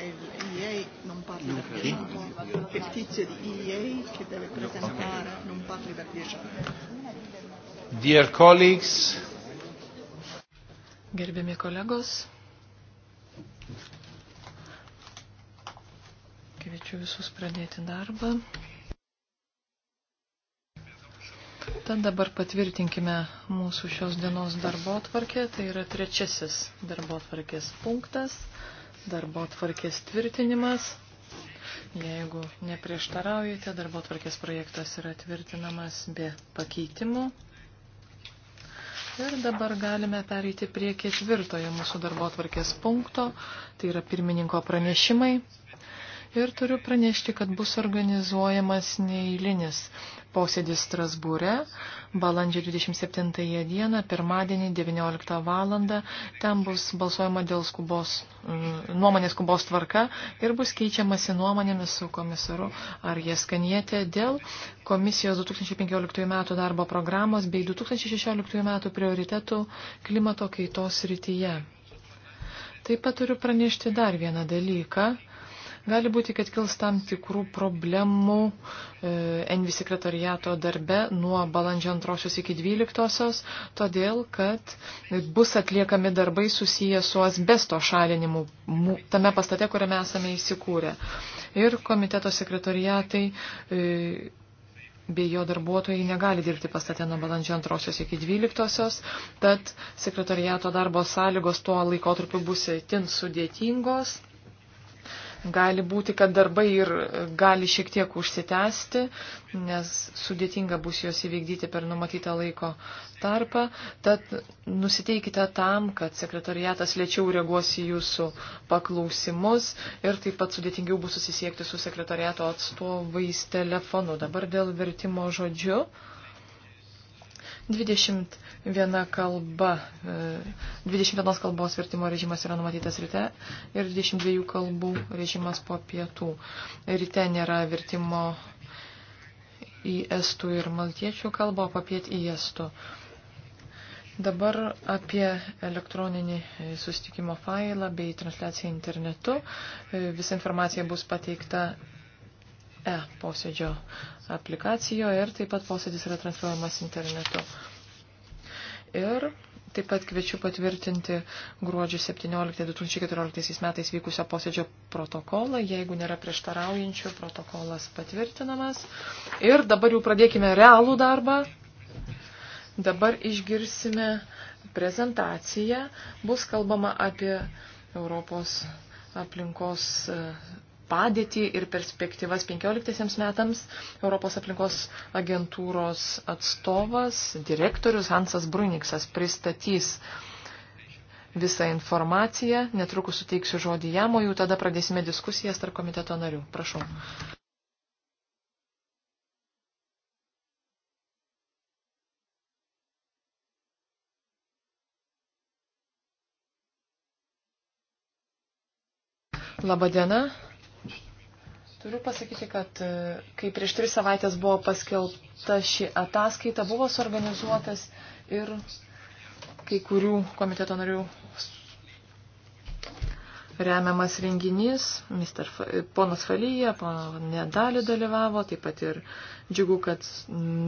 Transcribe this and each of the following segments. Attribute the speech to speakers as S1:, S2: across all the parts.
S1: che l'IA e non parli non per 10 che il tizio di EA che deve presentare
S2: non
S3: parli per 10
S2: Dear colleagues
S4: Gerbiami kolegos Kviečiu visus pradėti darbą. Tad dabar patvirtinkime mūsų šios dienos darbo atvarkę, tai yra trečiasis darbo atvarkės punktas. Darbo tvarkės tvirtinimas. Jeigu neprieštaraujate, darbo tvarkės projektas yra tvirtinamas be pakeitimų. Ir dabar galime pereiti prie ketvirtojo mūsų darbo tvarkės punkto, tai yra pirmininko pranešimai. Ir turiu pranešti, kad bus organizuojamas neįlinis posėdis Strasbūre, balandžio 27 dieną, pirmadienį 19 val. Ten bus balsuojama dėl skubos, mm, nuomonės skubos tvarka ir bus keičiamasi nuomonėmis su komisaru ar jie skanietė dėl komisijos 2015 metų darbo programos bei 2016 metų prioritetų klimato kaitos rytyje. Taip pat turiu pranešti dar vieną dalyką. Gali būti, kad kils tam tikrų problemų e, Envi sekretariato darbe nuo balandžio 2 iki 12, todėl kad bus atliekami darbai susiję su asbesto šalinimu tame pastate, kuriame esame įsikūrę. Ir komiteto sekretariatai e, bei jo darbuotojai negali dirbti pastate nuo balandžio 2 iki 12, tad sekretariato darbo sąlygos tuo laikotarpiu bus itin sudėtingos. Gali būti, kad darbai ir gali šiek tiek užsitęsti, nes sudėtinga bus juos įvykdyti per numatytą laiko tarpą. Tad nusiteikite tam, kad sekretariatas lėčiau reaguos į jūsų paklausimus ir taip pat sudėtingiau bus susisiekti su sekretariato atstovais telefonu. Dabar dėl vertimo žodžiu. 21 kalba, 21 e, kalbos vertimo režimas yra numatytas ryte ir 22 kalbų režimas po pietų. Ryte nėra vertimo į estų ir maltiečių kalbą, o papiet į estų. Dabar apie elektroninį e, sustikimo failą bei transliaciją internetu. E, visa informacija bus pateikta e posėdžio aplikacijoje ir taip pat posėdis yra transliuojamas internetu. Ir taip pat kviečiu patvirtinti gruodžio 17-2014 metais vykusio posėdžio protokolą. Jeigu nėra prieštaraujančių, protokolas patvirtinamas. Ir dabar jau pradėkime realų darbą. Dabar išgirsime prezentaciją. Bus kalbama apie Europos aplinkos padėtį ir perspektyvas 15 metams Europos aplinkos agentūros atstovas, direktorius Hansas Bruniksas pristatys visą informaciją. Netrukus suteiksiu žodį jam, o jau tada pradėsime diskusijas tarp komiteto narių. Prašau. Labadiena, Turiu pasakyti, kad e, kai prieš tris savaitės buvo paskelbta ši ataskaita, buvo suorganizuotas ir kai kurių komiteto narių remiamas renginys. Mister, ponas Falyje, ponė Dali dalyvavo, taip pat ir džiugu, kad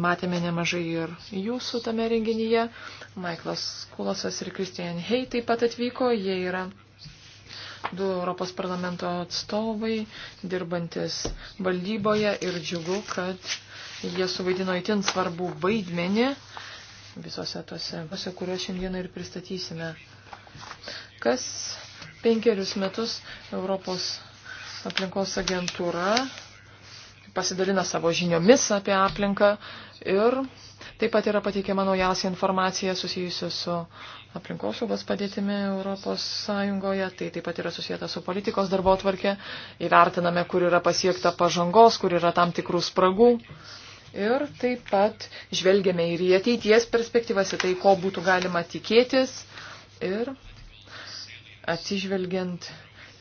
S4: matėme nemažai ir jūsų tame renginyje. Maiklas Kulosas ir Kristijan Hei taip pat atvyko, jie yra du Europos parlamento atstovai, dirbantis valdyboje ir džiugu, kad jie suvaidino įtin svarbų vaidmenį visose tose, visose, kuriuos šiandieną ir pristatysime. Kas penkerius metus Europos aplinkos agentūra pasidalina savo žiniomis apie aplinką ir Taip pat yra pateikiama naujausia informacija susijusi su aplinkosaugos padėtimi Europos Sąjungoje, tai taip pat yra susijęta su politikos darbo tvarkė, įvertiname, kur yra pasiekta pažangos, kur yra tam tikrų spragų. Ir taip pat žvelgiame ir į ateities perspektyvas, į tai, ko būtų galima tikėtis ir atsižvelgiant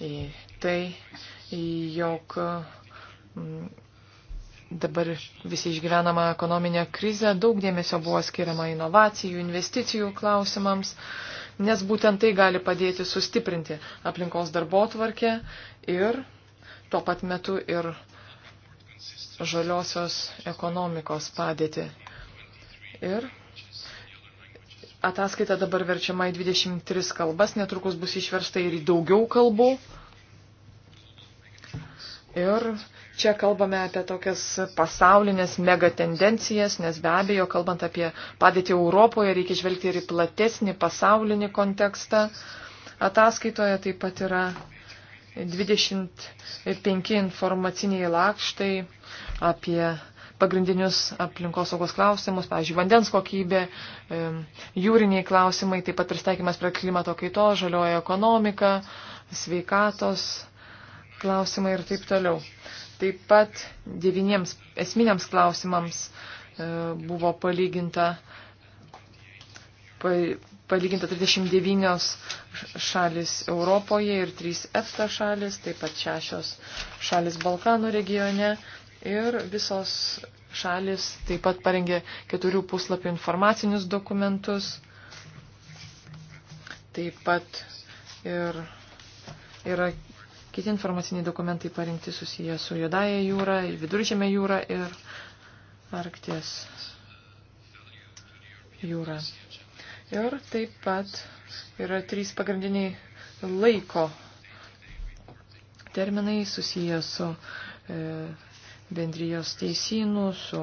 S4: į tai, jog mm, dabar visi išgyvenama ekonominė krizė, daug dėmesio buvo skiriama inovacijų, investicijų klausimams, nes būtent tai gali padėti sustiprinti aplinkos darbo tvarkę ir tuo pat metu ir žaliosios ekonomikos padėti. Ir ataskaita dabar verčiama į 23 kalbas, netrukus bus išversta ir į daugiau kalbų. Ir Čia kalbame apie tokias pasaulinės megatendencijas, nes be abejo, kalbant apie padėtį Europoje, reikia žvelgti ir į platesnį pasaulinį kontekstą. Ataskaitoje taip pat yra 25 informaciniai lakštai apie pagrindinius aplinkosaugos klausimus, pavyzdžiui, vandens kokybė, jūriniai klausimai, taip pat pristaikymas prie klimato kaito, žalioja ekonomika, sveikatos klausimai ir taip toliau. Taip pat devyniems esminiams klausimams e, buvo palyginta, palyginta 39 šalis Europoje ir 3 EFTA šalis, taip pat 6 šalis Balkanų regione ir visos šalis taip pat parengė keturių puslapių informacinius dokumentus. Taip pat ir yra Kiti informaciniai dokumentai parinkti susiję su Jodaja jūra, Viduržėme jūra ir Arkties jūra. Ir taip pat yra trys pagrindiniai laiko terminai susiję su e, bendrijos teisynų, su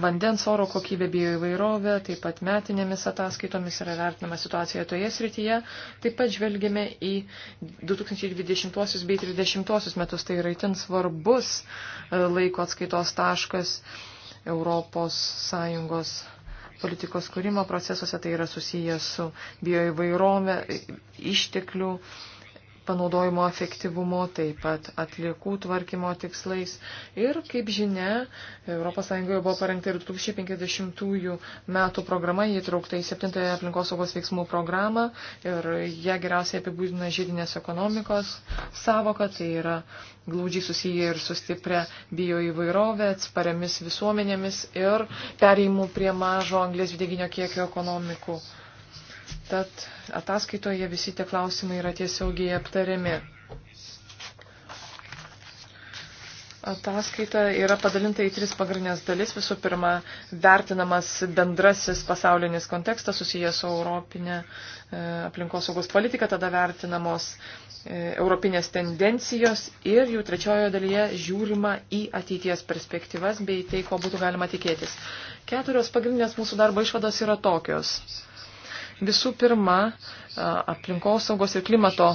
S4: vandens oro kokybė bio įvairovė, taip pat metinėmis ataskaitomis yra vertinama situacija toje srityje. Taip pat žvelgėme į 2020 bei 30 metus, tai yra itin svarbus e, laiko atskaitos taškas Europos Sąjungos politikos kūrimo procesuose, tai yra susijęs su bio įvairovė, išteklių panaudojimo efektyvumu, taip pat atliekų tvarkymo tikslais. Ir, kaip žinia, ES buvo parengta ir 2050 metų programa, jį traukta į 7 aplinkosaugos veiksmų programą ir ją geriausiai apibūdina žydinės ekonomikos savoka, tai yra glaudžiai susiję ir sustiprę bio įvairovę, atspariamis visuomenėmis ir pereimų prie mažo anglės dvideginio kiekio ekonomikų. Tad ataskaitoje visi tie klausimai yra tiesiogiai aptariami. Ataskaita yra padalinta į tris pagrindinės dalis. Visų pirma, vertinamas bendrasis pasaulinis kontekstas susijęs su Europinė e, aplinkosaugos politika, tada vertinamos e, europinės tendencijos ir jų trečiojo dalyje žiūrima į ateities perspektyvas bei tai, ko būtų galima tikėtis. Keturios pagrindinės mūsų darbo išvados yra tokios. Visų pirma, aplinkosaugos ir klimato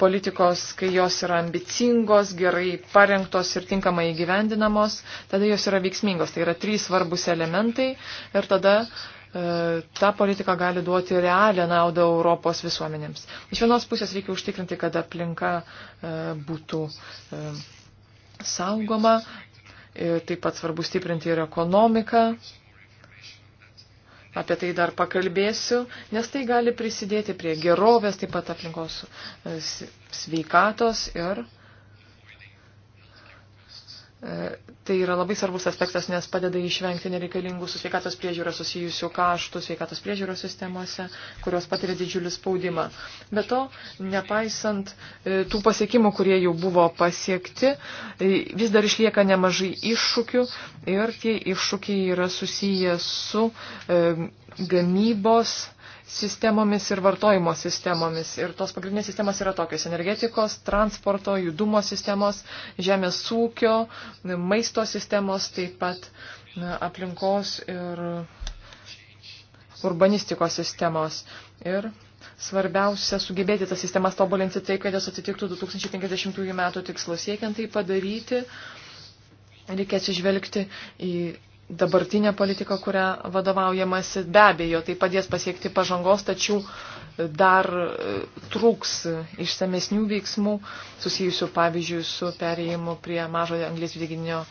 S4: politikos, kai jos yra ambicingos, gerai parengtos ir tinkamai įgyvendinamos, tada jos yra veiksmingos. Tai yra trys svarbus elementai ir tada ta politika gali duoti realią naudą Europos visuomenėms. Iš vienos pusės reikia užtikrinti, kad aplinka būtų saugoma, taip pat svarbu stiprinti ir ekonomiką. Apie tai dar pakalbėsiu, nes tai gali prisidėti prie gerovės, taip pat aplinkos e, sveikatos ir E, tai yra labai svarbus aspektas, nes padeda išvengti nereikalingų su sveikatos priežiūros susijusių kaštų sveikatos priežiūros sistemose, kurios patiria didžiulį spaudimą. Be to, nepaisant e, tų pasiekimų, kurie jau buvo pasiekti, e, vis dar išlieka nemažai iššūkių ir tie iššūkiai yra susiję su gamybos sistemomis ir vartojimo sistemomis. Ir tos pagrindinės sistemos yra tokios - energetikos, transporto, judumo sistemos, žemės ūkio, maisto sistemos, taip pat aplinkos ir urbanistikos sistemos. Ir svarbiausia sugebėti tas sistemas tobulinti taip, kad jos atitiktų 2050 metų tikslus. Siekiant tai padaryti, reikia atsižvelgti į dabartinė politika, kurią vadovaujamasi, be abejo, tai padės pasiekti pažangos, tačiau dar e, trūks išsamesnių veiksmų susijusių, pavyzdžiui, su perėjimu prie mažo anglės dvideginio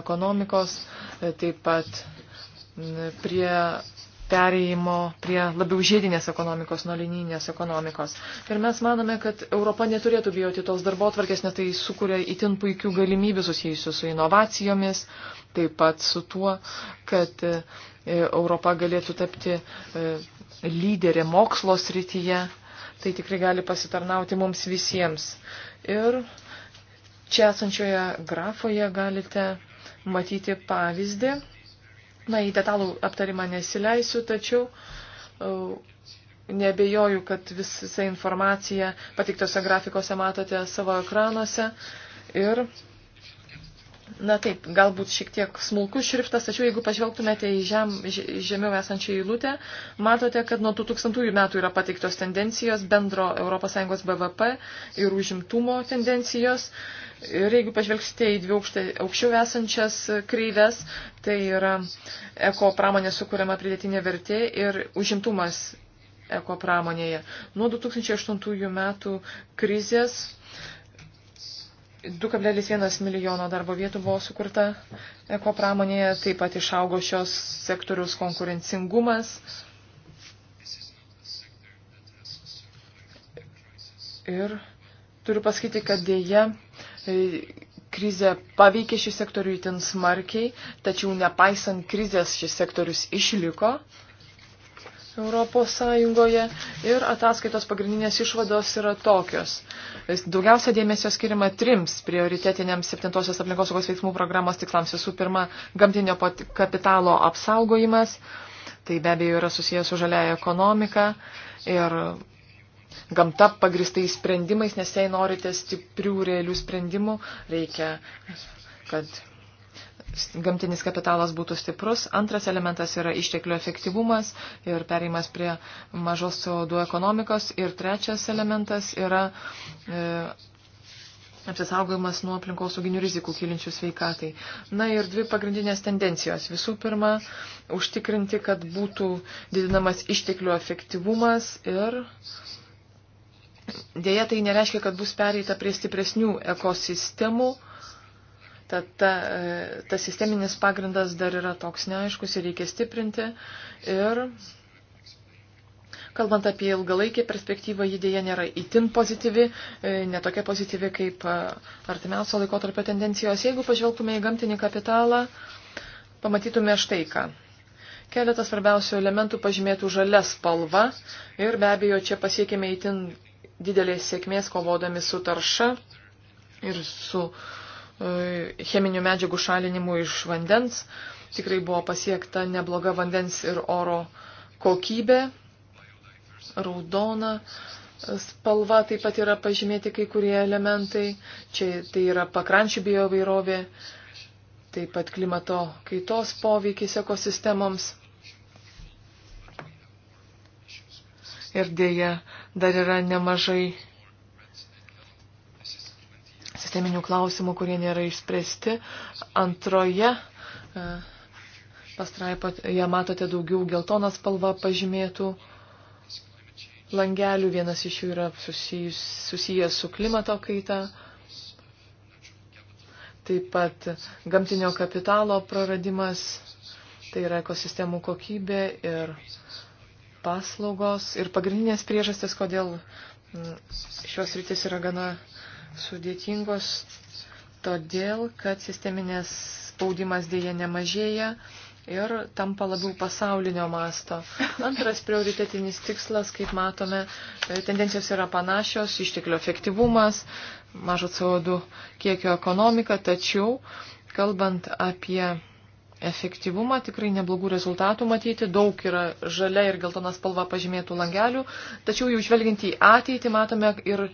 S4: ekonomikos, e, taip pat prie perėjimo prie labiau žiedinės ekonomikos, nuo linijinės ekonomikos. Ir mes manome, kad Europa neturėtų bijoti tos darbo atvarkės, nes tai sukuria itin puikių galimybių susijusių su inovacijomis, taip pat su tuo, kad e, Europa galėtų tapti e, lyderė mokslo srityje. Tai tikrai gali pasitarnauti mums visiems. Ir čia esančioje grafoje galite matyti pavyzdį Na, į detalų aptarimą nesileisiu, tačiau e, nebejoju, kad visą informaciją patiktose grafikose matote savo ekranuose. Ir Na taip, galbūt šiek tiek smulkus šriftas, tačiau jeigu pažvelgtumėte į žem, žemiau esančią eilutę, matote, kad nuo 2000 metų yra pateiktos tendencijos bendro ES BVP ir užimtumo tendencijos. Ir jeigu pažvelgsite į dvi aukštė, aukščiau esančias kreives, tai yra eko pramonė sukūriama pridėtinė vertė ir užimtumas eko pramonėje. Nuo 2008 metų krizės 2,1 milijono darbo vietų buvo sukurta eko pramonėje, taip pat išaugo šios sektoriaus konkurencingumas. Ir turiu pasakyti, kad dėja e, krizė paveikė šį sektorių itin smarkiai, tačiau nepaisant krizės šis sektorius išliko. Uh, Europos Sąjungoje ir ataskaitos pagrindinės išvados yra tokios. Daugiausia dėmesio skirima trims prioritetiniams septintosios aplinkosaugos veiksmų programos tikslams. Visų pirma, gamtinio kapitalo apsaugojimas, tai be abejo yra susijęs su žaliaja ekonomika ir gamta pagristai sprendimais, nes jei norite stiprių realių sprendimų, reikia, kad gamtinis kapitalas būtų stiprus. Antras elementas yra išteklių efektyvumas ir pereimas prie mažos CO2 ekonomikos. Ir trečias elementas yra e, apsisaugojimas nuo aplinkosauginių rizikų kilinčių sveikatai. Na ir dvi pagrindinės tendencijos. Visų pirma, užtikrinti, kad būtų didinamas išteklių efektyvumas ir dėja tai nereiškia, kad bus pereita prie stipresnių ekosistemų Tad ta, tas sisteminis pagrindas dar yra toks neaiškus ir reikia stiprinti. Ir kalbant apie ilgalaikį perspektyvą, ji dėja nėra itin pozityvi, netokia pozityvi kaip artimiausio laikotarpio tendencijos. Jeigu pažvelgtume į gamtinį kapitalą, pamatytume štai ką. Keletas svarbiausių elementų pažymėtų žalia spalva ir be abejo čia pasiekėme itin didelės sėkmės kovodami su tarša ir su uh, E, cheminių medžiagų šalinimu iš vandens. Tikrai buvo pasiekta nebloga vandens ir oro kokybė, raudona spalva taip pat yra pažymėti kai kurie elementai. Čia tai yra pakrančių biovairovė, taip pat klimato kaitos poveikis ekosistemoms. Ir dėja, dar yra nemažai sisteminių klausimų, kurie nėra išspręsti. Antroje e, pastraipoje matote daugiau geltonas spalva pažymėtų langelių. Vienas iš jų yra susijus, susijęs su klimato kaita. Taip pat gamtinio kapitalo praradimas, tai yra ekosistemų kokybė ir paslaugos. Ir pagrindinės priežastis, kodėl šios rytis yra gana sudėtingos todėl, kad sisteminės spaudimas dėja nemažėja ir tampa labiau pasaulinio masto. Antras prioritetinis tikslas, kaip matome, e, tendencijos yra panašios, išteklio efektyvumas, mažo CO2 kiekio ekonomika, tačiau kalbant apie efektyvumą, tikrai neblogų rezultatų matyti, daug yra žalia ir geltona spalva pažymėtų langelių, tačiau jau žvelgiant į ateitį matome ir e,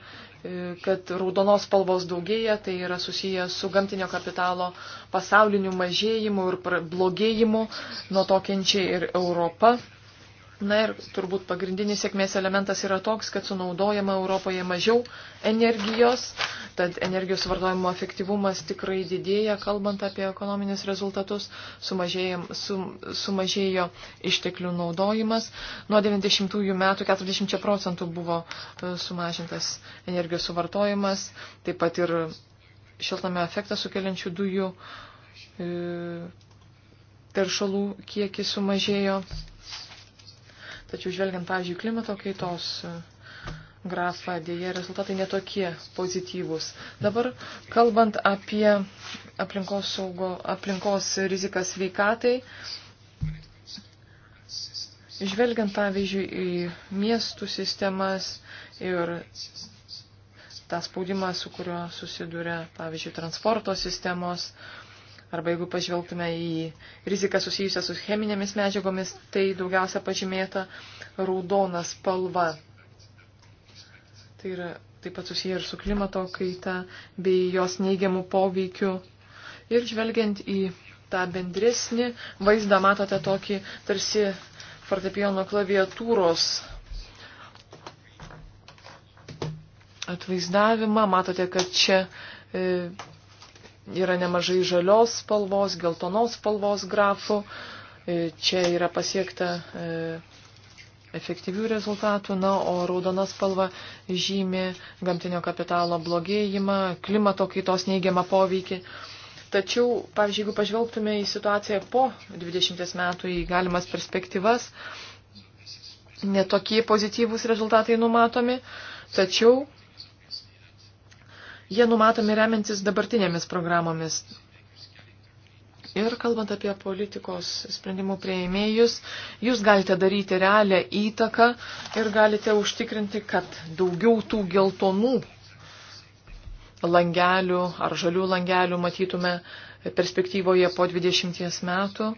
S4: kad raudonos spalvos daugėja, tai yra susiję su gamtinio kapitalo pasauliniu mažėjimu ir blogėjimu, nuo to kenčia ir Europa. Na ir turbūt pagrindinis sėkmės elementas yra toks, kad sunaudojama Europoje mažiau energijos, tad energijos vartojimo efektyvumas tikrai didėja, kalbant apie ekonominius rezultatus, sumažėjo, sum, sumažėjo išteklių naudojimas. Nuo 90-ųjų metų 40 procentų buvo e, sumažintas energijos suvartojimas, taip pat ir šiltame efektą sukeliančių dujų e, teršalų kiekis sumažėjo. Tačiau žvelgiant, pavyzdžiui, klimato kaitos e, grafą, dėje rezultatai netokie pozityvūs. Dabar kalbant apie aplinkos, saugo, aplinkos riziką sveikatai, žvelgiant pavyzdžiui į miestų sistemas ir tą spaudimą, su kuriuo susiduria, pavyzdžiui, transporto sistemos, Arba jeigu pažvelgtume į riziką susijusią su cheminėmis medžiagomis, tai daugiausia pažymėta raudona spalva. Tai yra taip pat susiję ir su klimato kaita bei jos neigiamų poveikių. Ir žvelgiant į tą bendresnį vaizdą, matote tokį tarsi fortepiono klaviatūros atvaizdavimą. Matote, kad čia. E, yra nemažai žalios spalvos, geltonos spalvos grafų. E, čia yra pasiekta e, efektyvių rezultatų, na, o raudona spalva žymi gamtinio kapitalo blogėjimą, klimato kaitos neigiamą poveikį. Tačiau, pavyzdžiui, jeigu pažvelgtume į situaciją po 20 metų, į galimas perspektyvas, netokie pozityvūs rezultatai numatomi, tačiau Jie numatomi remiantis dabartinėmis programomis. Ir kalbant apie politikos sprendimų prieimėjus, jūs galite daryti realią įtaką ir galite užtikrinti, kad daugiau tų geltonų langelių ar žalių langelių matytume perspektyvoje po 20 metų.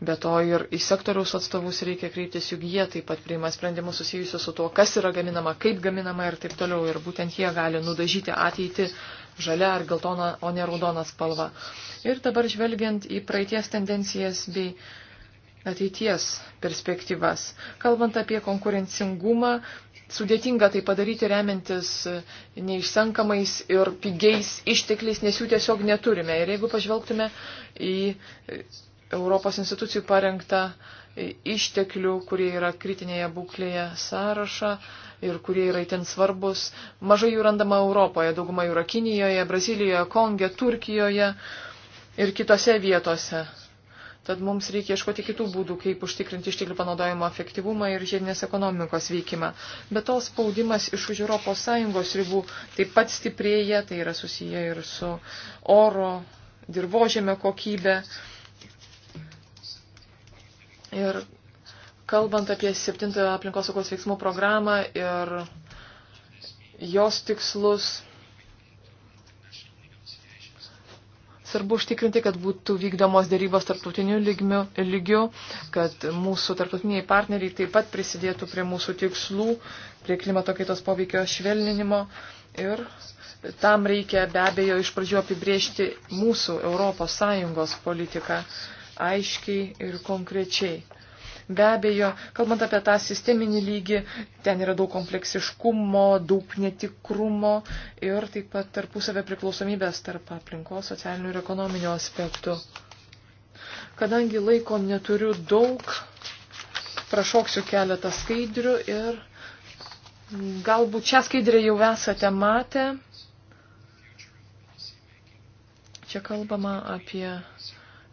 S4: Be to ir į sektoriaus atstovus reikia kreiptis, juk jie taip pat priima sprendimus susijusius su tuo, kas yra gaminama, kaip gaminama ir taip toliau. Ir būtent jie gali nudažyti ateitį žalia ar geltona, o ne raudona spalva. Ir dabar žvelgiant į praeities tendencijas bei ateities perspektyvas. Kalbant apie konkurencingumą, sudėtinga tai padaryti remiantis neišsenkamais ir pigiais ištekliais, nes jų tiesiog neturime. Ir jeigu pažvelgtume į Europos institucijų parengtą išteklių, kurie yra kritinėje būklėje sąrašą ir kurie yra itin svarbus. Mažai jų randama Europoje, dauguma jų yra Kinijoje, Brazilijoje, Konge, Turkijoje ir kitose vietose. Tad mums reikia ieškoti kitų būdų, kaip užtikrinti išteklių panaudojimo efektyvumą ir žiedinės ekonomikos veikimą. Bet to spaudimas iš už ES ribų taip pat stiprėja, tai yra susiję ir su oro, dirbožėme kokybė. Ir kalbant apie septintąją aplinkosaugos veiksmų programą ir jos tikslus, svarbu užtikrinti, kad būtų vykdomos dėrybos tarptautiniu lygmiu, lygiu, kad mūsų tarptautiniai partneriai taip pat prisidėtų prie mūsų tikslų, prie klimato kaitos poveikio švelninimo ir tam reikia be abejo iš pradžių apibriežti mūsų Europos Sąjungos politiką aiškiai ir konkrečiai. Be abejo, kalbant apie tą sisteminį lygį, ten yra daug kompleksiškumo, daug netikrumo ir taip pat tarpusavę priklausomybės tarp aplinkos, socialinių ir ekonominių aspektų. Kadangi laiko neturiu daug, prašoksiu keletą skaidrių ir galbūt čia skaidrė jau esate matę. Čia kalbama apie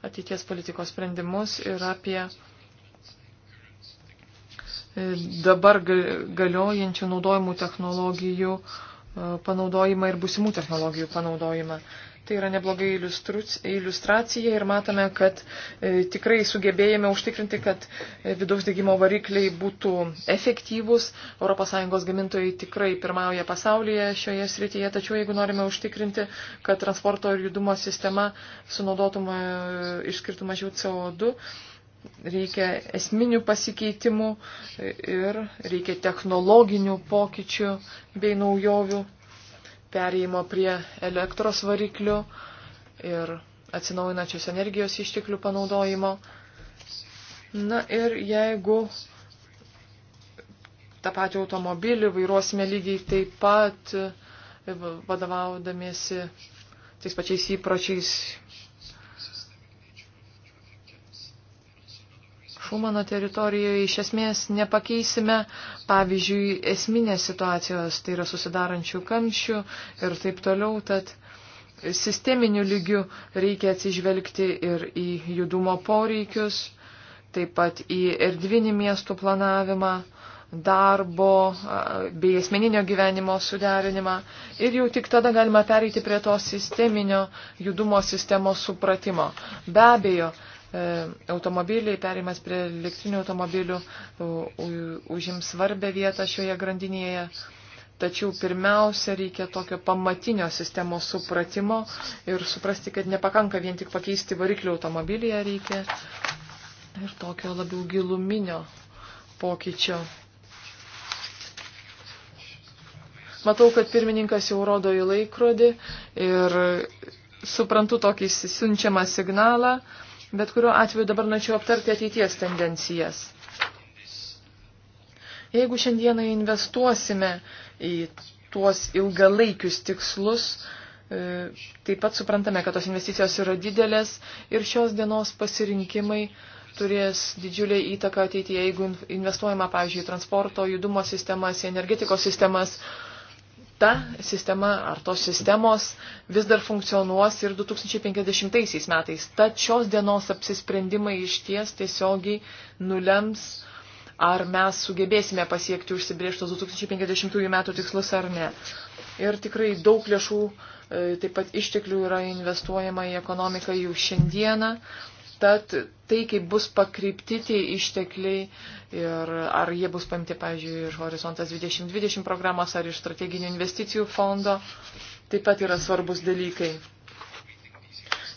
S4: ateities politikos sprendimus ir apie e, dabar galiojančių naudojimų technologijų e, panaudojimą ir būsimų technologijų panaudojimą. Tai yra neblogai iliustracija ir matome, kad e, tikrai sugebėjome užtikrinti, kad e, vidaus degimo varikliai būtų efektyvūs. ES gamintojai tikrai pirmauja pasaulyje šioje srityje, tačiau jeigu norime užtikrinti, kad transporto ir judumo sistema sunaudotų išskirtų mažiau CO2, reikia esminių pasikeitimų e, ir reikia technologinių pokyčių bei naujovių perėjimo prie elektros variklių ir atsinaujinačios energijos išteklių panaudojimo. Na ir jeigu tą patį automobilį vairuosime lygiai taip pat, e, vadovaudamiesi tais pačiais įpročiais Šumano teritorijoje iš esmės nepakeisime, pavyzdžiui, esminės situacijos, tai yra susidarančių kamščių ir taip toliau, tad sisteminiu lygiu reikia atsižvelgti ir į judumo poreikius, taip pat į erdvinį miestų planavimą darbo bei asmeninio gyvenimo suderinimą ir jau tik tada galima pereiti prie to sisteminio judumo sistemos supratimo. Be abejo, E, automobiliai, perimas prie elektrinių automobilių užims svarbę vietą šioje grandinėje. Tačiau pirmiausia, reikia tokio pamatinio sistemos supratimo ir suprasti, kad nepakanka vien tik pakeisti variklį automobilyje, reikia ir tokio labiau giluminio pokyčio. Matau, kad pirmininkas jau rodo į laikrodį ir suprantu tokį siunčiamą signalą. Bet kuriuo atveju dabar norėčiau aptarti ateities tendencijas. Jeigu šiandieną investuosime į tuos ilgalaikius tikslus, e, taip pat suprantame, kad tos investicijos yra didelės ir šios dienos pasirinkimai turės didžiulę įtaką ateityje, jeigu investuojama, pavyzdžiui, transporto, judumo sistemas, energetikos sistemas, ta sistema ar tos sistemos vis dar funkcionuos ir 2050 metais. Tad šios dienos apsisprendimai iš ties tiesiogiai nulems, ar mes sugebėsime pasiekti užsibrieštos 2050 metų tikslus ar ne. Ir tikrai daug lėšų, e, taip pat išteklių yra investuojama į ekonomiką jau šiandieną. Tad tai, kaip bus pakrypti tie ištekliai ir ar jie bus paimti, pavyzdžiui, iš Horizontas 2020 programos ar iš strateginių investicijų fondo, taip pat yra svarbus dalykai.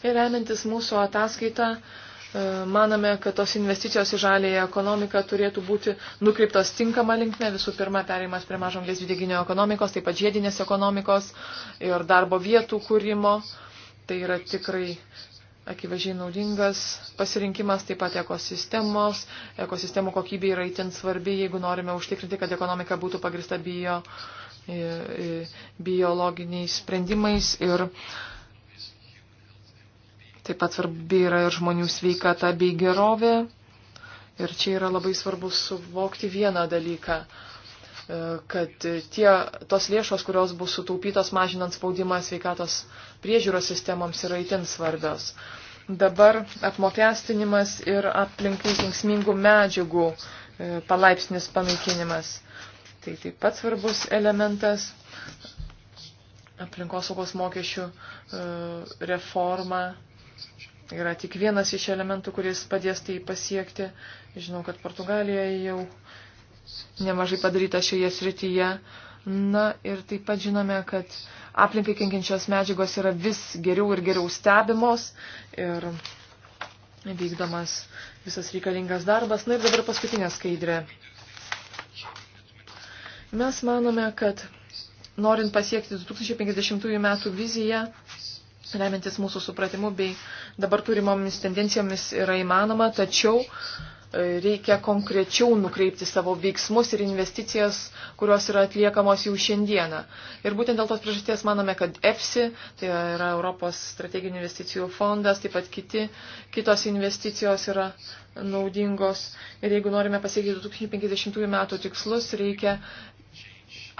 S4: Ir remiantis mūsų ataskaitą, e, manome, kad tos investicijos į žalėją ekonomiką turėtų būti nukreiptos tinkama linkme. Visų pirma, pereimas prie mažanglės dvideginio ekonomikos, taip pat žiedinės ekonomikos ir darbo vietų kūrimo. Tai yra tikrai akivaizdžiai naudingas pasirinkimas, taip pat ekosistemos. Ekosistemų kokybė yra itin svarbi, jeigu norime užtikrinti, kad ekonomika būtų pagrista bio, biologiniais sprendimais. Ir taip pat svarbi yra ir žmonių sveikata bei gerovė. Ir čia yra labai svarbu suvokti vieną dalyką. E, kad tie, tos lėšos, kurios bus sutaupytos mažinant spaudimą sveikatos priežiūros sistemoms, yra itin svarbios. Dabar apmokestinimas ir aplinkai kenksmingų medžiagų e, palaipsnis panaikinimas. Tai taip pat svarbus elementas aplinkosaugos mokesčių e, reforma yra tik vienas iš elementų, kuris padės tai pasiekti. Žinau, kad Portugalijoje jau nemažai padaryta šioje srityje. Na ir taip pat žinome, kad aplinkai kenkiančios medžiagos yra vis geriau ir geriau stebimos ir vykdomas visas reikalingas darbas. Na ir dabar paskutinė skaidrė. Mes manome, kad norint pasiekti 2050 metų viziją, remiantis mūsų supratimu bei dabar turimomis tendencijomis yra įmanoma, tačiau reikia konkrečiau nukreipti savo veiksmus ir investicijas, kurios yra atliekamos jau šiandieną. Ir būtent dėl tos priežasties manome, kad EFSI, tai yra Europos strateginių investicijų fondas, taip pat kiti, kitos investicijos yra naudingos. Ir jeigu norime pasiekti 2050 metų tikslus, reikia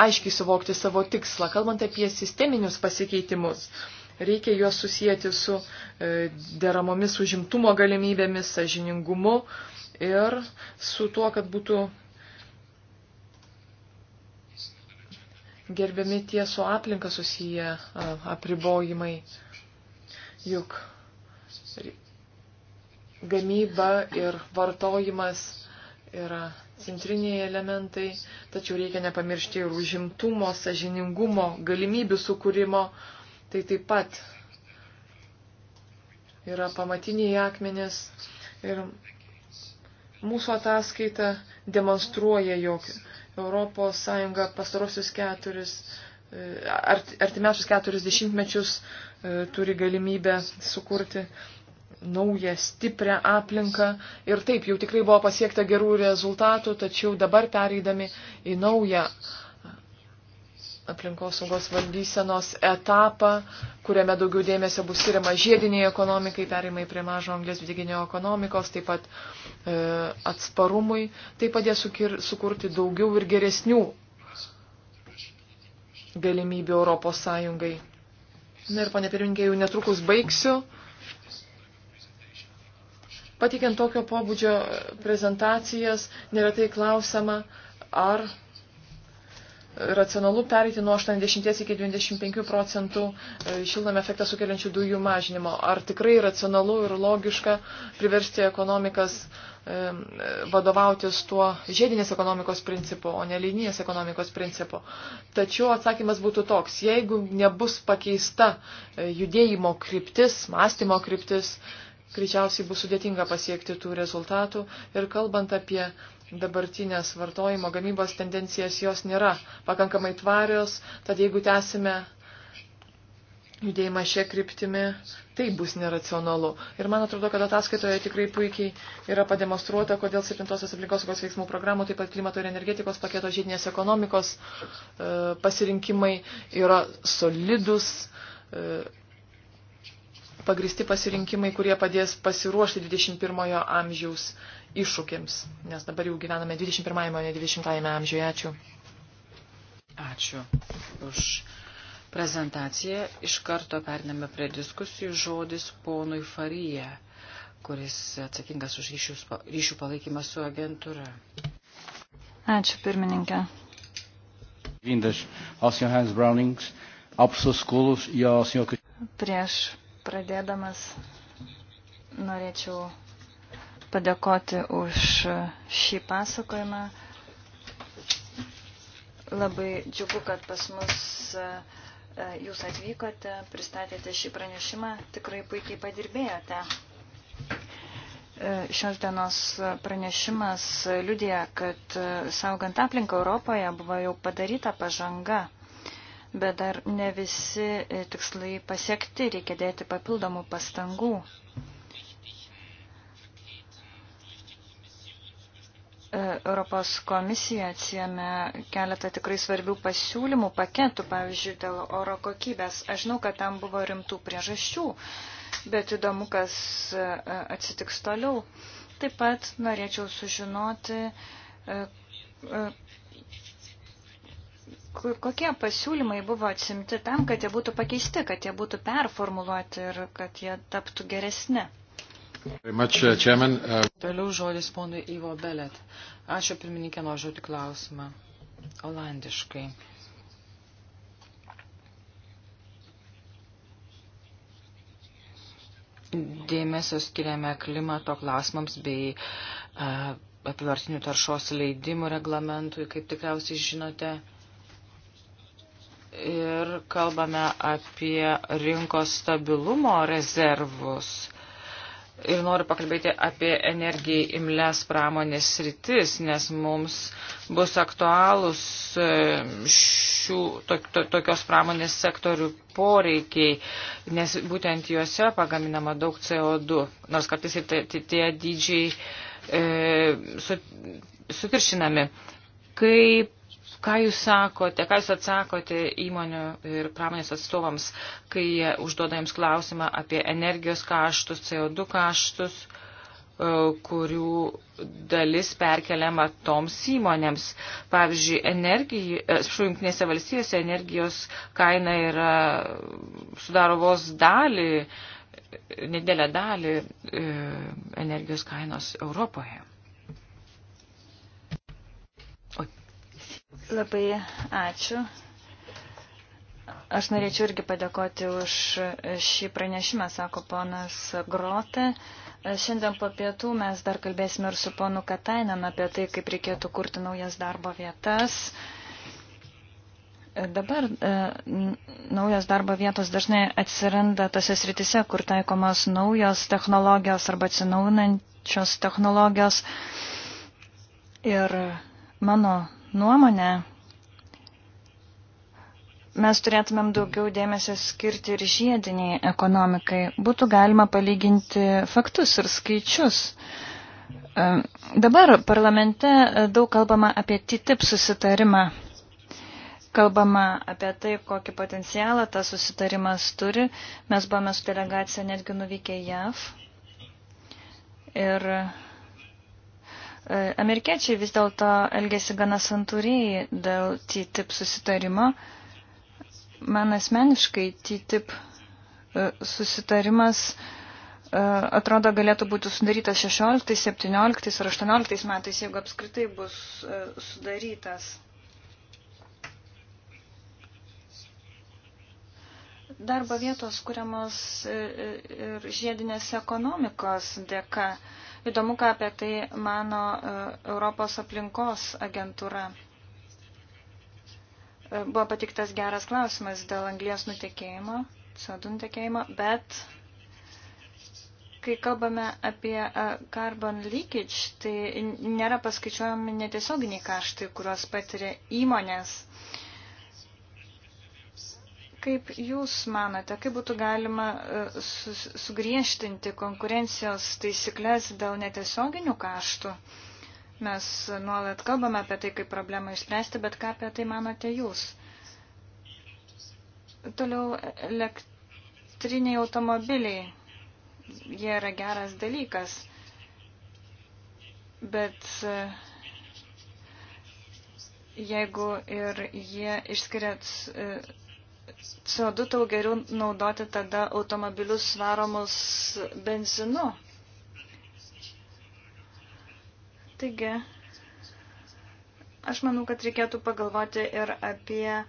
S4: aiškiai suvokti savo tikslą, kalbant apie sisteminius pasikeitimus reikia juos susijęti su e, deramomis užimtumo galimybėmis, sažiningumu, ir su tuo, kad būtų gerbiami tie su aplinka susiję apribojimai. Juk gamyba ir vartojimas yra centriniai elementai, tačiau reikia nepamiršti ir užimtumo, sažiningumo, galimybių sukūrimo. Tai taip pat yra pamatiniai akmenis ir Mūsų ataskaita demonstruoja, jog ES pastarosius keturis, e, artimiausius keturis dešimtmečius e, turi galimybę sukurti naują stiprią aplinką. Ir taip, jau tikrai buvo pasiekta gerų rezultatų, tačiau dabar pereidami į naują aplinką aplinkosaugos valdysenos etapą, kuriame daugiau dėmesio bus skiriama žiediniai ekonomikai, perimai prie mažo anglės dvideginio ekonomikos, taip pat e, atsparumui. Tai padės sukir, sukurti daugiau ir geresnių galimybių Europos Sąjungai. Na ir, pane pirmininkė, jau netrukus baigsiu. Patikiant tokio pobūdžio prezentacijas, neretai klausama, ar racionalu pereiti nuo 80 iki 25 procentų e, šiltnamio efektą sukeliančių dujų mažinimo. Ar tikrai racionalu ir logiška priversti ekonomikas e, vadovautis tuo žiedinės ekonomikos principu, o ne linijės ekonomikos principu. Tačiau atsakymas būtų toks, jeigu nebus pakeista e, judėjimo kryptis, mąstymo kryptis, greičiausiai bus sudėtinga pasiekti tų rezultatų. Ir kalbant apie dabartinės vartojimo gamybos tendencijas jos nėra pakankamai tvarios, tad jeigu tęsime judėjimą šią kryptimį, tai bus neracionalu. Ir man atrodo, kad ataskaitoje tikrai puikiai yra pademonstruota, kodėl 7-osios aplinkosaugos veiksmų programų, taip pat klimato ir energetikos paketo žydinės ekonomikos e, pasirinkimai yra solidus e, pagristi pasirinkimai, kurie padės pasiruošti 21 amžiaus iššūkiams, nes dabar jau gyvename 21-ame, ne 20-ame amžiuje. Ačiū.
S1: Ačiū už prezentaciją. Iš karto periname prie diskusijų žodis ponui Farija, kuris atsakingas už ryšių, ryšių palaikymą su agentūra.
S2: Ačiū pirmininkė. Vindas ao Sr. Hans Brownings, ao professor Skolos e ao Sr. Prieš pradėdamas norėčiau padėkoti už šį pasakojimą. Labai džiugu, kad pas mus e, jūs atvykote, pristatėte šį pranešimą, tikrai puikiai padirbėjote. E, šios dienos pranešimas liudija, kad e, saugant aplinką Europoje buvo jau padaryta pažanga bet dar ne visi e, tikslai pasiekti, reikia dėti papildomų pastangų. E, Europos komisija atsijame keletą tikrai svarbių pasiūlymų paketų, pavyzdžiui, dėl oro kokybės. Aš žinau, kad tam buvo rimtų priežasčių, bet įdomu, kas e, atsitiks toliau. Taip pat norėčiau sužinoti, kokie pasiūlymai buvo atsimti tam, kad jie būtų pakeisti, kad jie būtų performuluoti ir kad jie taptų geresni? Uh, uh,
S1: Toliau žodis ponui Ivo Belet. Ačiū pirmininkė, noriu žodį klausimą. Olandiškai. Dėmesio skiriame klimato klausimams bei uh, apivartinių taršos leidimų reglamentui, kaip tikriausiai žinote ir kalbame apie rinkos stabilumo rezervus. Ir noriu pakalbėti apie energijai imles pramonės sritis, nes mums bus aktualūs e, šių, to, to, tokios pramonės sektorių poreikiai, nes būtent juose pagaminama daug CO2, nors kartais ir tie dydžiai e, su, sukiršinami. Kaip ką jūs sakote, ką jūs atsakote įmonių ir pramonės atstovams, kai jie užduoda jums klausimą apie energijos kaštus, CO2 kaštus, e, kurių dalis perkeliama toms įmonėms. Pavyzdžiui, e, jungtinėse valstijose energijos kaina yra sudaro vos dalį, nedėlę dalį e, energijos kainos Europoje.
S2: Labai ačiū.
S1: Aš norėčiau irgi
S2: padėkoti už šį pranešimą, sako ponas Grote. Šiandien po pietų mes dar kalbėsime ir su ponu Katainam apie tai, kaip reikėtų kurti naujas darbo vietas. Dabar e, naujos darbo vietos dažnai atsiranda tose sritise, kur taikomos naujos technologijos arba atsinaunančios technologijos. Ir mano nuomonę mes turėtumėm daugiau dėmesio skirti ir žiediniai ekonomikai. Būtų galima palyginti faktus ir skaičius. Dabar parlamente daug kalbama apie TTIP susitarimą. Kalbama apie tai, kokį potencialą tas susitarimas turi. Mes buvome su delegacija netgi nuvykę JAV. Ir E, amerikiečiai vis dėlto elgėsi gana santūriai dėl TTIP susitarimo. Man asmeniškai TTIP e, susitarimas e, atrodo galėtų būti sudarytas 16, 17 ar 18 metais, jeigu apskritai bus sudarytas. Darbo vietos kuriamos ir žiedinės ekonomikos dėka. Įdomu, ką apie tai mano e, Europos aplinkos agentūra. E, buvo patiktas geras klausimas dėl anglės nutekėjimo, CO2 nutekėjimo, bet kai kalbame apie e, carbon leakage, tai nėra paskaičiuojami netiesioginiai kaštai, kuriuos patiria įmonės Kaip Jūs manote, kaip būtų galima e, sugriežtinti konkurencijos taisyklės dėl netiesioginių kaštų? Mes nuolat kalbame apie tai, kaip problemą išspręsti, bet ką apie tai manote Jūs? Toliau elektriniai automobiliai. Jie yra geras dalykas, bet e, jeigu ir jie išskiria e, CO2 tau geriau naudoti tada automobilius varomus benzinu. Taigi, aš manau, kad reikėtų pagalvoti ir apie e,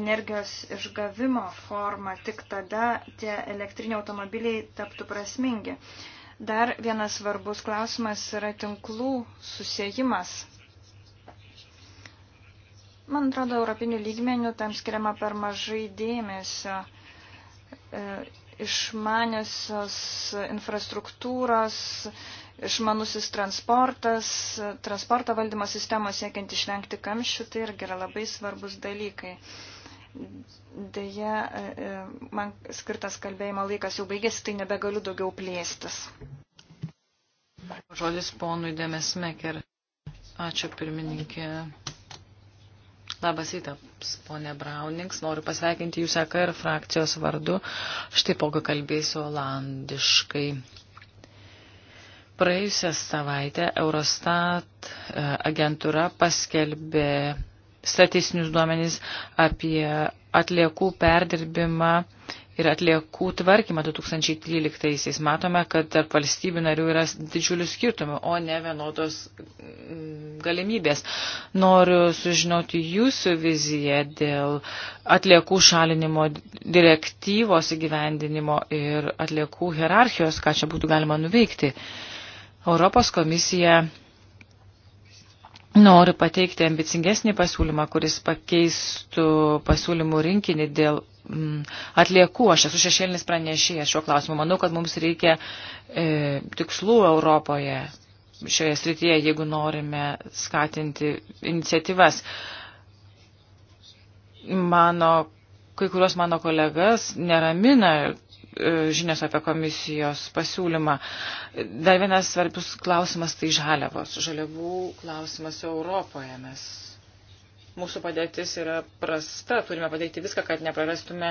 S2: energijos išgavimo formą, tik tada tie elektriniai automobiliai taptų prasmingi. Dar vienas svarbus klausimas yra tinklų susijimas. Man atrodo, europinių lygmenių tam skiriama per mažai dėmesio. E, Išmanėsios infrastruktūros, išmanusis transportas, transporto valdymo sistemos siekiant išvengti kamščių, tai irgi yra labai svarbus dalykai. Deja, e, e, man skirtas kalbėjimo laikas jau baigėsi, tai nebegaliu daugiau plėstis.
S1: Žodis ponui Demesmeker. Ačiū pirmininkė. Labas įtaps, ponė Braunings. Noriu pasveikinti jūs seka ir frakcijos vardu. Štai poga kalbėsiu olandiškai. Praėjusią savaitę Eurostat e, agentūra paskelbė statistinius duomenys apie atliekų perdirbimą ir atliekų tvarkymą 2013-aisiais. Matome, kad tarp valstybių narių yra didžiulių skirtumų, o ne vienodos mm, galimybės. Noriu sužinoti jūsų viziją dėl atliekų šalinimo direktyvos įgyvendinimo ir atliekų hierarchijos, ką čia būtų galima nuveikti. Europos komisija Noriu pateikti ambicingesnį pasiūlymą, kuris pakeistų pasiūlymų rinkinį dėl mm, atliekų. Aš esu šešėlinis pranešėjas šiuo klausimu. Manau, kad mums reikia e, tikslų Europoje šioje srityje, jeigu norime skatinti iniciatyvas. Mano, kai kurios mano kolegas neramina E, žinios apie komisijos pasiūlymą. Dar vienas svarbus klausimas tai žaliavos. Žaliavų klausimas Europoje. Mes, mūsų padėtis yra prasta, turime padaryti viską, kad neprarastume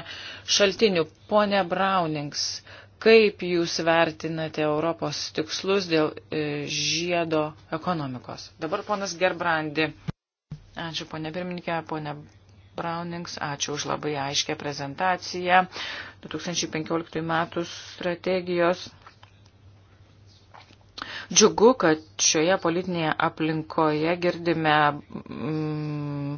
S1: šaltinių. Pone Braunings, kaip jūs vertinate Europos tikslus dėl e, žiedo ekonomikos? Dabar ponas Gerbrandi. Ačiū, ponė pirmininkė, ponė Braunings, ačiū už labai aiškę prezentaciją 2015 metų strategijos. Džiugu, kad šioje politinėje aplinkoje girdime mm,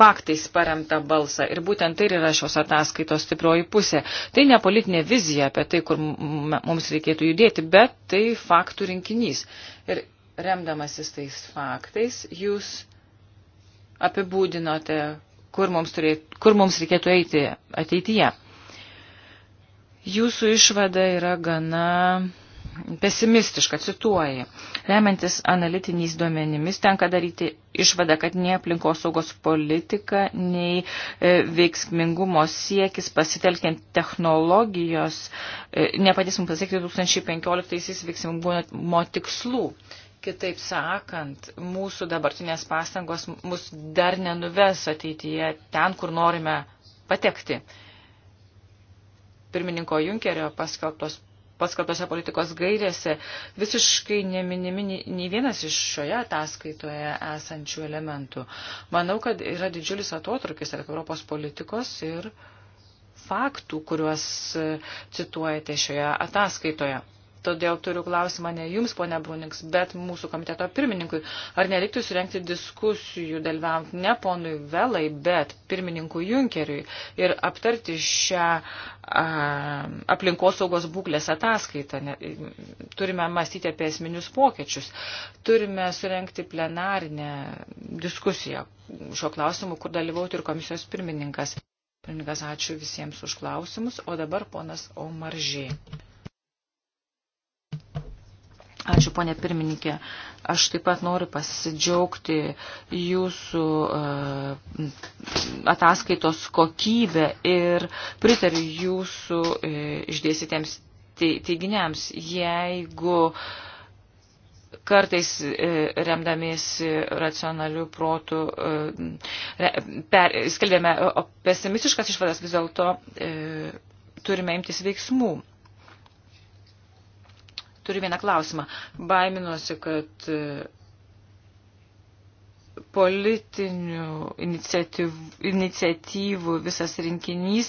S1: faktais paremtą balsą ir būtent tai yra šios ataskaitos stiprioji pusė. Tai ne politinė vizija apie tai, kur mums reikėtų judėti, bet tai faktų rinkinys. Ir remdamasis tais faktais, jūs apibūdinote kur mums, turėt, kur mums reikėtų eiti ateityje. Jūsų išvada yra gana pesimistiška, cituoji. Remiantis analitiniais duomenimis tenka daryti išvadą, kad nei aplinkos saugos politika, nei e, veiksmingumo siekis pasitelkiant technologijos e, nepadės mums pasiekti 2015 veiksmingumo tikslų. Kitaip sakant, mūsų dabartinės pastangos mus dar nenuves ateityje ten, kur norime patekti. Pirmininko Junkerio paskelbtos paskalbtose politikos gairėse visiškai neminimi nei vienas iš šioje ataskaitoje esančių elementų. Manau, kad yra didžiulis atotrukis tarp Europos politikos ir faktų, kuriuos cituojate šioje ataskaitoje. Todėl turiu klausimą ne jums, ponia Brunings, bet mūsų komiteto pirmininkui. Ar nereiktų surenkti diskusijų dalyvaujant ne ponui Velai, bet pirmininkui Junkeriui ir aptarti šią a, aplinkosaugos būklės ataskaitą? Ne, turime mąstyti apie esminius pokyčius. Turime surenkti plenarinę diskusiją šio klausimu, kur dalyvauti ir komisijos pirmininkas. Pirmininkas, ačiū visiems už klausimus, o dabar ponas Omaržiai. Ačiū, ponė pirmininkė. Aš taip pat noriu pasidžiaugti jūsų e, ataskaitos kokybę ir pritariu jūsų e, išdėsitėms teiginiams. Jeigu kartais e, remdamiesi racionalių protų, per, skelbėme pesimistiškas išvadas, vis dėlto turime imtis veiksmų. Turiu vieną klausimą. Baiminuosi, kad e, politinių iniciatyvų, iniciatyvų visas rinkinys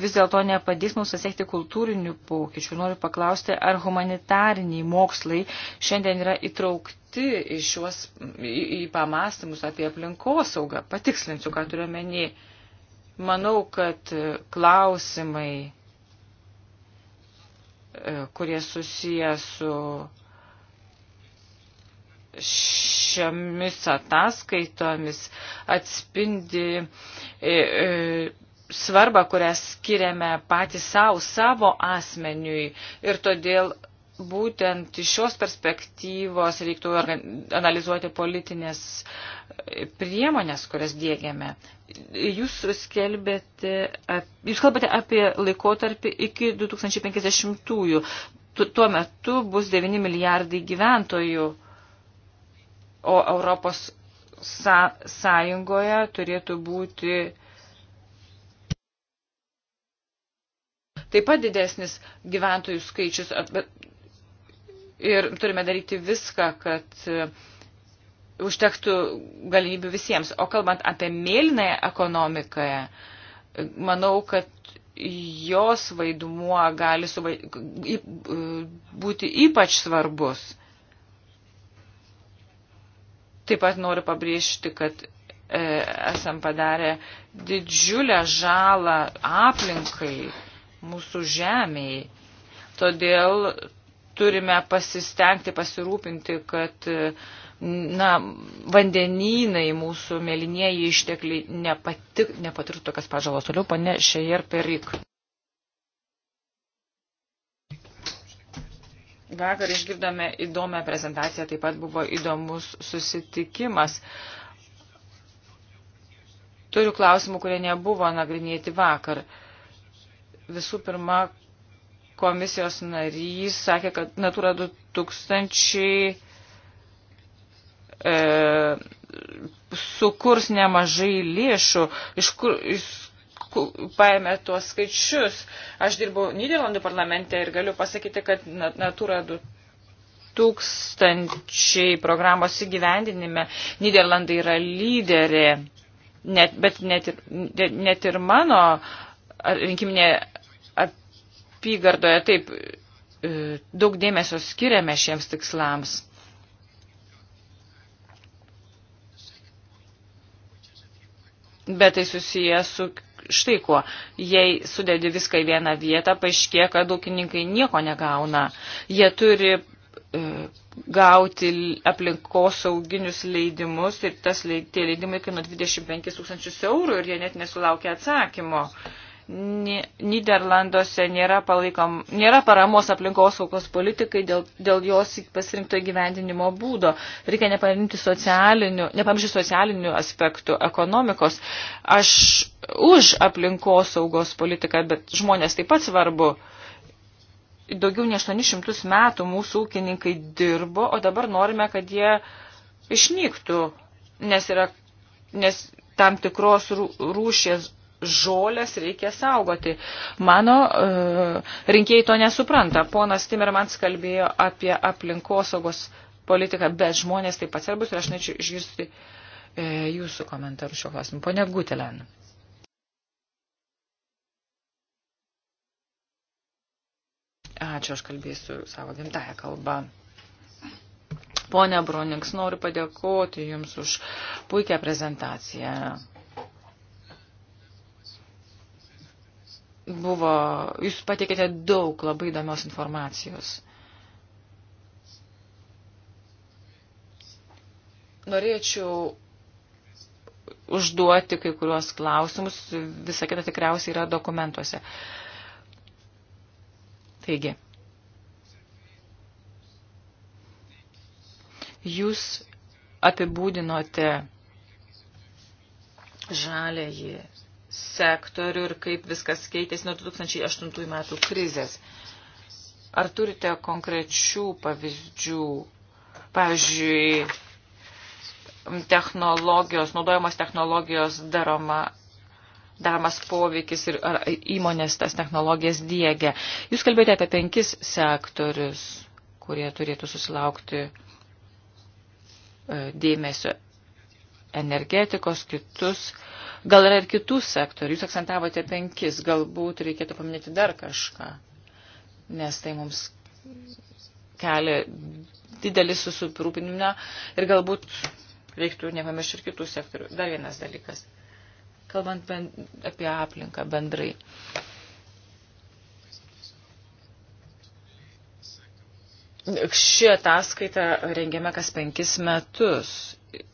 S1: vis dėlto nepadės mums pasiekti kultūrinių pokyčių. Noriu paklausti, ar humanitariniai mokslai šiandien yra įtraukti į, šiuos, į, į pamastymus apie aplinkosaugą. Patikslinsiu, ką turiu menį. Manau, kad klausimai E, kurie susiję su šiomis ataskaitomis atspindi e, e, svarbą, kurią skiriame patys savo, savo asmeniui ir todėl būtent iš šios perspektyvos reiktų analizuoti politinės e, priemonės, kurias dėgiame. Jūs skelbėte, jūs kalbate apie laikotarpį iki 2050-ųjų. Tuo metu bus 9 milijardai gyventojų, o Europos sąjungoje turėtų būti taip pat didesnis gyventojų skaičius, bet ir turime daryti viską, kad e, užtektų galimybių visiems. O kalbant apie mėlynąją ekonomiką, e, manau, kad jos vaidmuo gali suvai... E, būti ypač svarbus. Taip pat noriu pabrėžti, kad esam padarę didžiulę žalą aplinkai, mūsų žemėjai. Todėl turime pasistengti, pasirūpinti, kad na, vandenynai mūsų mėlynieji ištekliai nepatik, nepatirtų tokias pažalos. Toliau, pane Šejer Perik. Vakar išgirdome įdomią prezentaciją, taip pat buvo įdomus susitikimas. Turiu klausimų, kurie nebuvo nagrinėti vakar. Visų pirma, komisijos narys sakė, kad Natura 2000 e, sukurs nemažai lėšų, iš kur jis paėmė tuos skaičius. Aš dirbau Niderlandų parlamente ir galiu pasakyti, kad Natura 2000 programos įgyvendinime Niderlandai yra lyderė. Net, bet net ir, net ir mano rinkiminė apygardoje taip e, daug dėmesio skiriame šiems tikslams. Bet tai susiję su štai kuo. Jei sudedi viską į vieną vietą, paaiškė, kad ūkininkai nieko negauna. Jie turi e, gauti aplinkosauginius leidimus ir tas, tie leidimai kainuoja 25 tūkstančius eurų ir jie net nesulaukia atsakymo. Uh, Niderlanduose nėra, palaikom, nėra paramos aplinkosaugos politikai dėl, dėl jos pasirinkto įgyvendinimo būdo. Reikia nepamiršti socialinių, socialinių aspektų, ekonomikos. Aš už aplinkosaugos politiką, bet žmonės taip pat svarbu. Daugiau nei 800 metų mūsų ūkininkai dirbo, o dabar norime, kad jie išnyktų, nes, yra, nes tam tikros rūšės žolės reikia saugoti. Mano uh, rinkėjai to nesupranta. Ponas Timermans kalbėjo apie aplinkosaugos politiką, bet žmonės taip pat svarbus ir aš norėčiau išgirsti e, jūsų komentarų šio klausimu. Pone Gutelen. Ačiū, aš kalbėsiu savo gimtają kalbą. Pone Bronings, noriu padėkoti Jums už puikią prezentaciją. buvo, jūs patikėte daug labai įdomios informacijos. Norėčiau užduoti kai kuriuos klausimus, visa kita tikriausiai yra dokumentuose. Taigi, jūs apibūdinote žalėjį sektorių ir kaip viskas keitėsi nuo 2008 metų krizės. Ar turite konkrečių pavyzdžių? Pavyzdžiui, technologijos, naudojamos technologijos daroma daromas poveikis ir ar įmonės tas technologijas diegia. Jūs kalbėjote apie penkis sektorius, kurie turėtų susilaukti e, dėmesio energetikos, kitus. Uh, Gal yra ir kitų sektorių, jūs akcentavote penkis, galbūt reikėtų paminėti dar kažką, nes tai mums kelia didelį susirūpinimą ir galbūt reiktų nepamiršti ir kitų sektorių. Dar vienas dalykas, kalbant ben, apie aplinką bendrai. Ši ataskaita rengiame kas penkis metus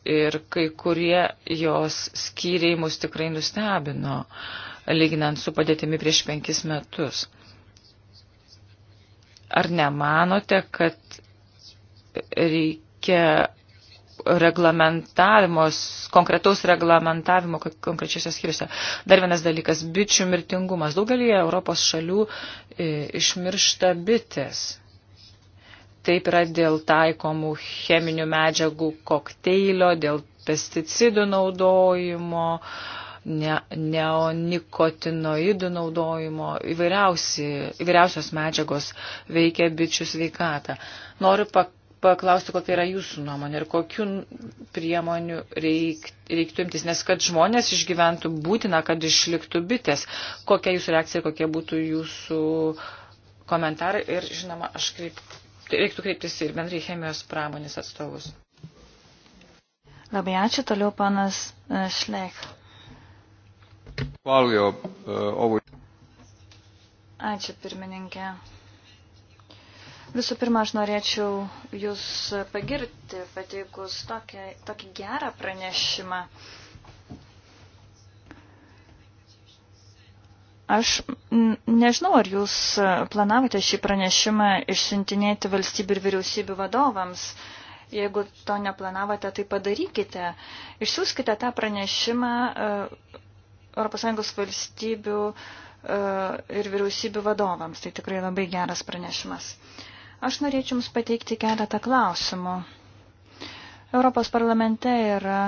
S1: ir kai kurie jos skyriai mus tikrai nustebino, lyginant su padėtimi prieš penkis metus. Ar nemanote, kad reikia reglamentavimos, konkretaus reglamentavimo konkrečiose skyriuose. Dar vienas dalykas - bičių mirtingumas. Daugelį Europos šalių e, išmiršta bitės. Taip yra dėl taikomų cheminių medžiagų kokteilio, dėl pesticidų naudojimo, ne, neonikotinoidų naudojimo, įvairiausios medžiagos veikia bičių sveikatą. Noriu pak paklausti, kokia yra jūsų nuomonė ir kokiu priemonių reik, reiktų imtis, nes kad žmonės išgyventų būtina, kad išliktų bitės. Kokia jūsų reakcija, kokie būtų jūsų komentarai ir, žinoma, aš kaip Tai reiktų kreiptis ir bendrai chemijos pramonės atstovus.
S2: Labai ačiū, toliau panas e, Šlech.
S3: Hvalio e, ovoj.
S2: Ačiū, pirmininkė. Visų pirma, aš norėčiau Jūs pagirti, pateikus tokį, tokį gerą pranešimą. Uh, Aš nežinau, ar jūs e, planavote šį pranešimą išsiuntinėti valstybių ir vyriausybių vadovams. Jeigu to neplanavote, tai padarykite. Išsiųskite tą pranešimą ES valstybių e, ir vyriausybių vadovams. Tai tikrai labai geras pranešimas. Aš norėčiau Jums pateikti keletą klausimų. Europos parlamente yra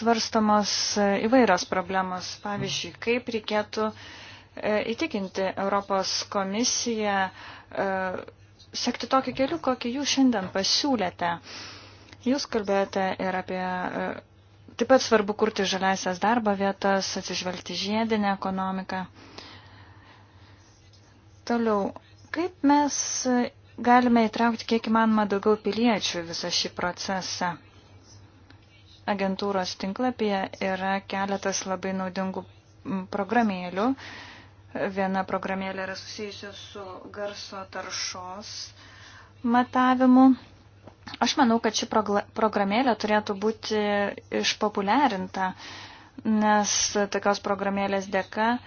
S2: svarstamos e, įvairios problemos. Pavyzdžiui, kaip reikėtų uh, E, įtikinti Europos komisiją e, sekti tokį keliu, kokį jūs šiandien pasiūlėte. Jūs kalbėjote ir apie e, taip pat svarbu kurti žaliasias darbo vietas, atsižvelgti žiedinę ekonomiką. Toliau, kaip mes galime įtraukti kiek įmanoma daugiau piliečių visą šį procesą? Agentūros tinklapyje yra keletas labai naudingų programėlių, Viena programėlė yra susijusi su garso taršos matavimu. Aš manau, kad ši programėlė turėtų būti išpopuliarinta, nes tokios programėlės dėka e,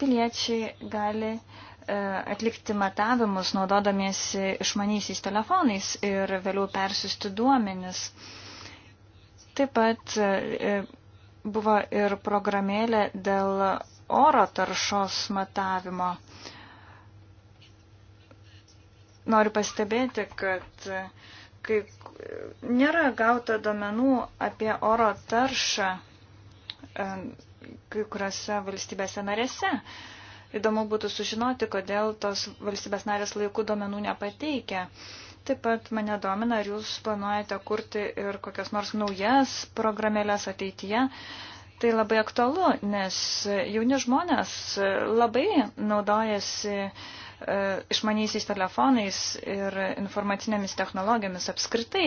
S2: piliečiai gali e, atlikti matavimus naudodamiesi išmanysiais telefonais ir vėliau persiusti duomenis. Taip pat e, buvo ir programėlė dėl oro taršos matavimo. Noriu pastebėti, kad kai nėra gauta domenų apie oro taršą e, kai kuriuose valstybėse narėse. Įdomu būtų sužinoti, kodėl tos valstybės narės laikų domenų nepateikia. Taip pat mane domina, ar jūs planuojate kurti ir kokias nors naujas programėlės ateityje, Tai labai aktualu, nes jauni žmonės labai naudojasi e, išmaniaisiais telefonais ir informacinėmis technologijomis apskritai.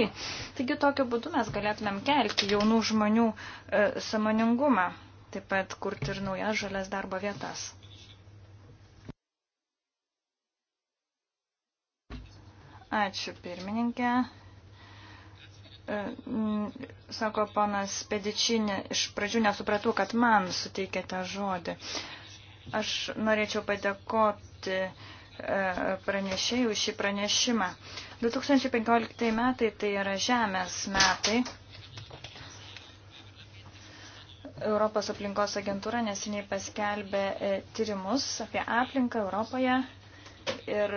S2: Taigi tokiu būdu mes galėtumėm kelti jaunų žmonių e, samoningumą, taip pat kurti ir naujas žalias darbo vietas. Ačiū pirmininkė. E, mm, sako ponas Pedičinė, iš pradžių nesupratau, kad man suteikėte žodį. Aš norėčiau padėkoti e, pranešėjų šį pranešimą. 2015 metai tai yra žemės metai. Europos aplinkos agentūra nesiniai paskelbė e, tyrimus apie aplinką Europoje ir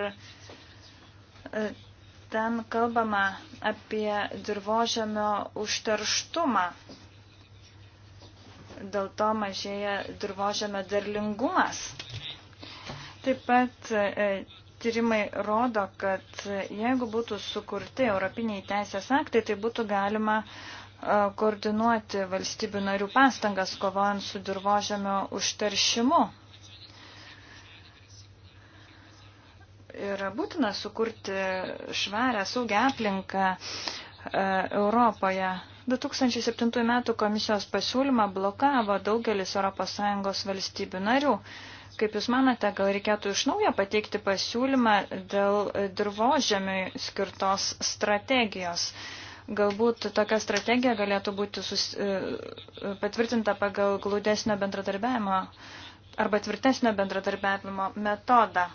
S2: Ten kalbama apie dirbožemio užterštumą. Dėl to mažėja dirbožemio derlingumas. Taip pat e, tyrimai rodo, kad jeigu būtų sukurti europiniai teisės aktai, tai būtų galima e, koordinuoti valstybių narių pastangas kovojant su dirbožemio užteršimu. yra būtina sukurti švarę, saugę aplinką e, Europoje. 2007 m. komisijos pasiūlymą blokavo daugelis ES valstybių narių. Kaip Jūs manate, gal reikėtų iš naujo pateikti pasiūlymą dėl dirbožemiui skirtos strategijos? Galbūt tokia strategija galėtų būti sus, e, patvirtinta pagal glaudesnio bendradarbiavimo arba tvirtesnio bendradarbiavimo metodą.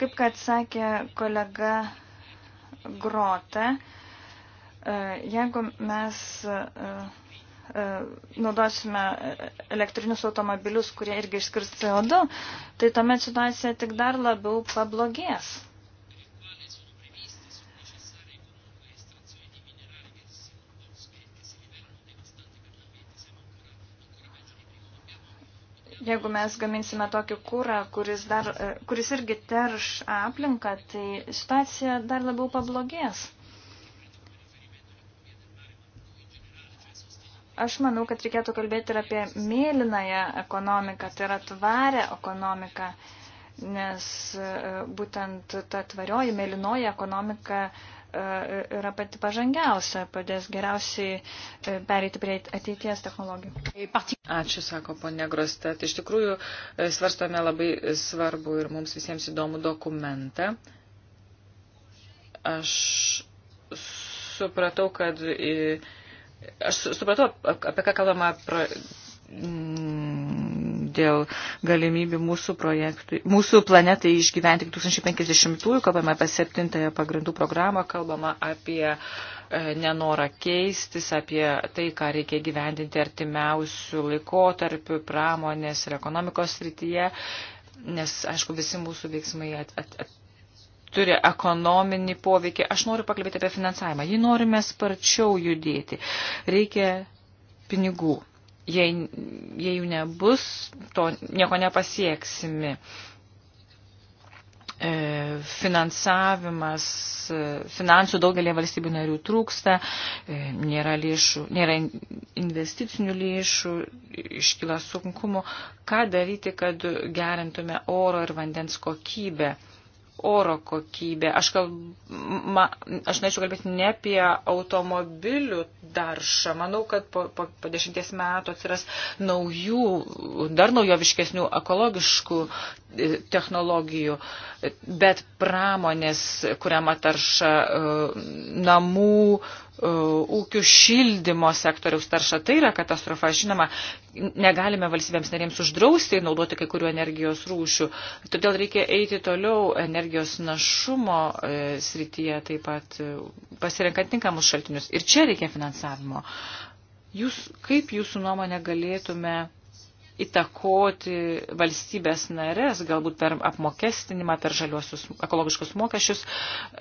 S2: Kaip kad sakė kolega Grota, e, jeigu mes e, e, naudosime elektrinius automobilius, kurie irgi išskirs CO2, tai tuomet situacija tik dar labiau pablogės. Jeigu mes gaminsime tokį kūrą, kuris, dar, e, kuris irgi terš aplinką, tai situacija dar labiau pablogės. Aš manau, kad reikėtų kalbėti ir apie mėlynąją ekonomiką, tai yra tvarę ekonomiką. Uh, nes e, būtent ta tvarioji, melinoji ekonomika e, yra pati pažangiausia, padės geriausiai e, pereiti prie ateities technologijų.
S1: Ačiū, sako ponė Grostet. Iš tikrųjų, svarstome labai svarbu ir mums visiems įdomų dokumentą. Aš supratau, kad. Aš supratau, apie ką kalbama pro, m, dėl galimybių mūsų, mūsų planetai išgyventi 2050-ųjų, kalbame apie septintąją pagrindų programą, kalbama apie e, nenorą keistis, apie tai, ką reikia gyvendinti artimiausių laikotarpių pramonės ir ekonomikos srityje, nes, aišku, visi mūsų veiksmai at, at, at, turi ekonominį poveikį. Aš noriu pakalbėti apie finansavimą. Jį norime sparčiau judėti. Reikia pinigų. Jei, jei jų nebus, to nieko nepasieksime. E, finansavimas, e, finansų daugelį valstybių narių trūksta, e, nėra lėšų, nėra investicinių lėšų, iškyla sunkumų. Ką daryti, kad gerintume oro ir vandens kokybę? oro kokybė. Aš, kalb, ma, aš norėčiau kalbėti ne apie automobilių daršą. Manau, kad po, po, po dešimties metų atsiras naujų, dar naujoviškesnių ekologiškų e, technologijų, bet pramonės, kuriama tarša e, namų, Uh, ūkių šildymo sektoriaus tarša. Tai yra katastrofa. Žinoma, negalime valstybėms narėms uždrausti naudoti kai kurių energijos rūšių. Todėl reikia eiti toliau energijos našumo uh, srityje, taip pat uh, pasirenkant tinkamus šaltinius. Ir čia reikia finansavimo. Jūs, kaip jūsų nuomonė galėtume įtakoti valstybės narės, galbūt per apmokestinimą, per žaliuosius ekologiškus mokesčius,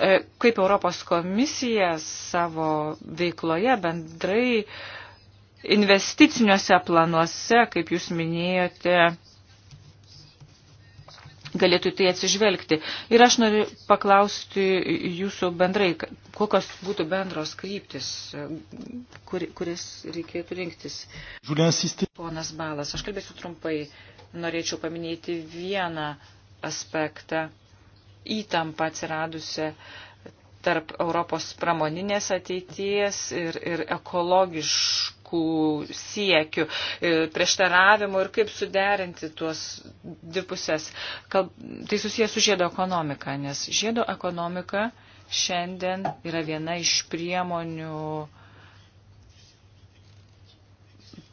S1: e, kaip Europos komisija savo veikloje bendrai investiciniuose planuose, kaip jūs minėjote, galėtų tai atsižvelgti. Ir aš noriu paklausti jūsų bendrai, kokios būtų bendros kryptis, kur, e, kuris reikėtų rinktis. Ponas Balas, aš kalbėsiu trumpai, norėčiau paminėti vieną aspektą įtampą atsiradusią tarp Europos pramoninės ateities ir, ir ekologiškų tokių siekių, e, prieštaravimų ir kaip suderinti tuos dipusės. Tai susijęs su žiedo ekonomika, nes žiedo ekonomika šiandien yra viena iš priemonių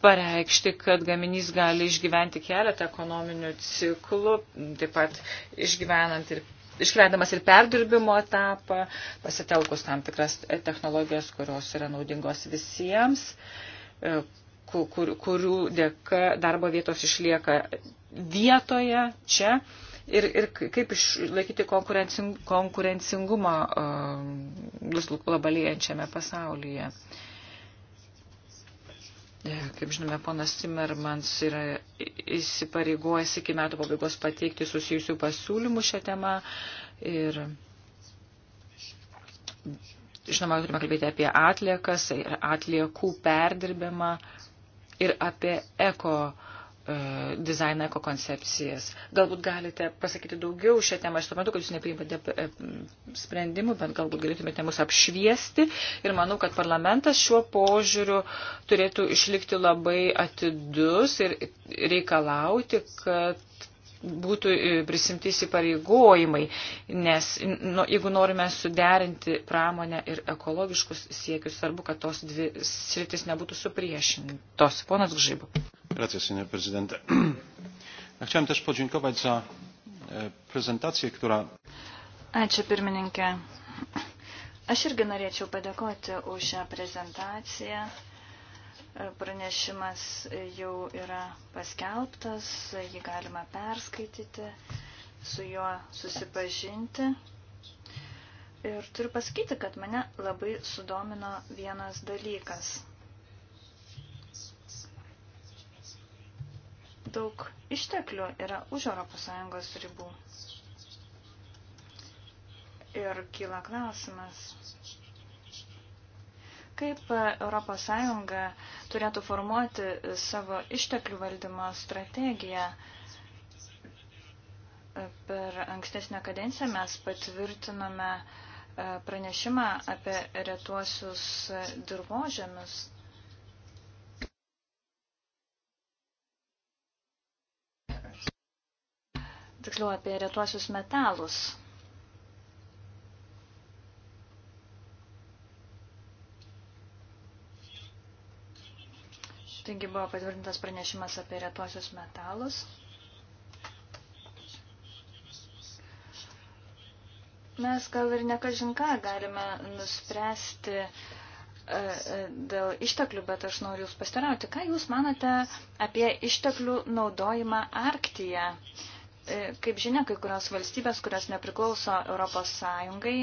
S1: pareikšti, kad gaminys gali išgyventi keletą ekonominių ciklų, taip pat išgyvenant ir išgyvendamas ir perdirbimo etapą, pasitelkus tam tikras technologijas, kurios yra naudingos visiems. Uh, E, kur, kurių dėka darbo vietos išlieka vietoje čia ir, ir kaip išlaikyti konkurencing, konkurencingumą vis e, globalėjančiame pasaulyje. E, kaip žinome, ponas Timmermans yra įsipareigojęs iki metų pabaigos pateikti susijusių pasiūlymų šią temą ir Žinoma, turime kalbėti apie atliekas ir atliekų perdirbimą ir apie eko e, dizainą, eko koncepcijas. Galbūt galite pasakyti daugiau šią temą. Aš suprantu, kad jūs nepriimate e, sprendimų, bet galbūt galėtumėte mus apšviesti. Ir manau, kad parlamentas šiuo požiūriu turėtų išlikti labai atidus ir reikalauti, kad būtų e, prisimti įsipareigojimai, nes nu, jeigu norime suderinti pramonę ir ekologiškus siekius, svarbu, kad tos dvi sritis nebūtų supriešintos. Ponas Gžybu.
S4: Gracias, senor prezidente.
S3: Chciałem też podziękować za e, prezentację, która...
S2: Ačiū pirmininkė. Aš irgi norėčiau padėkoti už šią prezentaciją. Pranešimas jau yra paskelbtas, jį galima perskaityti, su juo susipažinti. Ir turiu pasakyti, kad mane labai sudomino vienas dalykas. Daug išteklių yra už ES ribų. Ir kyla klausimas, Kaip ES turėtų formuoti e, savo išteklių valdymo strategiją? E, per ankstesnę kadenciją mes patvirtinome e, pranešimą apie retuosius dirbožėmius. Tiksliau apie retuosius metalus. Taigi buvo patvirtintas pranešimas apie retuosius metalus. Mes gal ir nekažinką galime nuspręsti e, e, dėl išteklių, bet aš noriu Jūs pastarauti. Ką Jūs manote apie išteklių naudojimą Arktyje? E, kaip žinia, kai kurios valstybės, kurios nepriklauso Europos Sąjungai,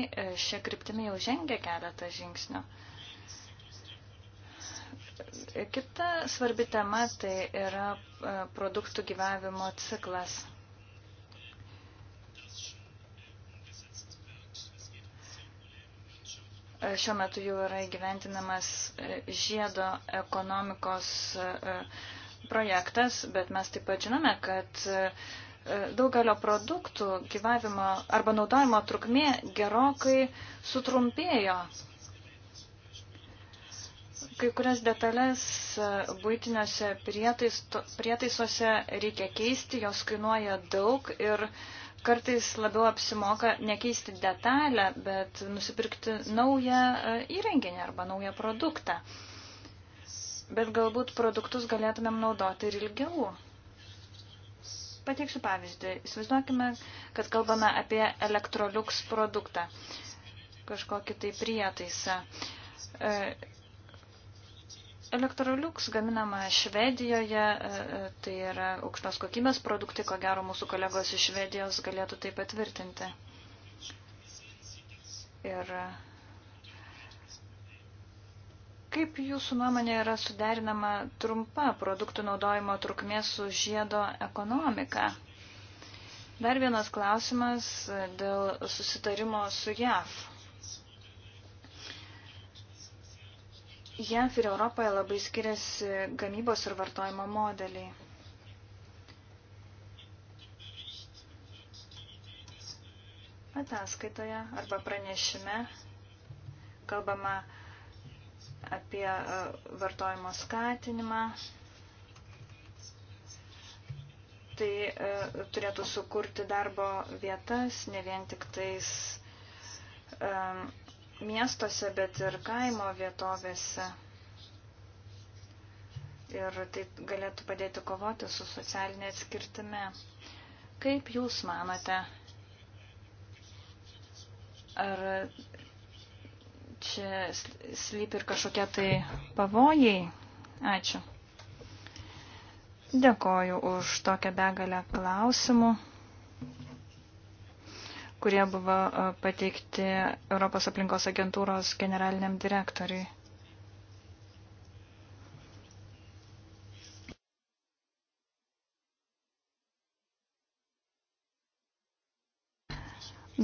S2: šia kryptimi jau žengia keletą žingsnių. Kita svarbi tema tai yra e, produktų gyvavimo ciklas. E, šiuo metu jau yra įgyventinamas e, žiedo ekonomikos projektas, bet mes taip pat žinome, kad daugelio produktų gyvavimo arba naudojimo trukmė gerokai sutrumpėjo Kai kurias detalės e, būtiniuose prietaisuose reikia keisti, jos kainuoja daug ir kartais labiau apsimoka nekeisti detalę, bet nusipirkti naują e, įrenginį arba naują produktą. Bet galbūt produktus galėtumėm naudoti ir ilgiau. Pateiksiu pavyzdį. Įsivaizduokime, kad kalbame apie Electrolux produktą, kažkokį tai prietaisą. E, Electrolux gaminama Švedijoje, e, e, tai yra aukštos kokybės produktai, ko gero mūsų kolegos iš Švedijos galėtų tai patvirtinti. Ir e, kaip jūsų nuomonė yra suderinama trumpa produktų naudojimo trukmė su žiedo ekonomika? Dar vienas klausimas dėl susitarimo su JAV. JAV ir Europoje labai skiriasi gamybos ir vartojimo modeliai. Ataskaitoje arba pranešime kalbama apie e, vartojimo skatinimą. Tai e, turėtų sukurti darbo vietas, ne vien tik tais e, miestuose, bet ir kaimo vietovėse. Ir tai galėtų padėti kovoti su socialinė atskirtime. Kaip Jūs manote, ar čia slypi ir kažkokie tai pavojai? Ačiū. Dėkoju už tokią begalę klausimų kurie buvo e, pateikti Europos aplinkos agentūros generaliniam direktoriui.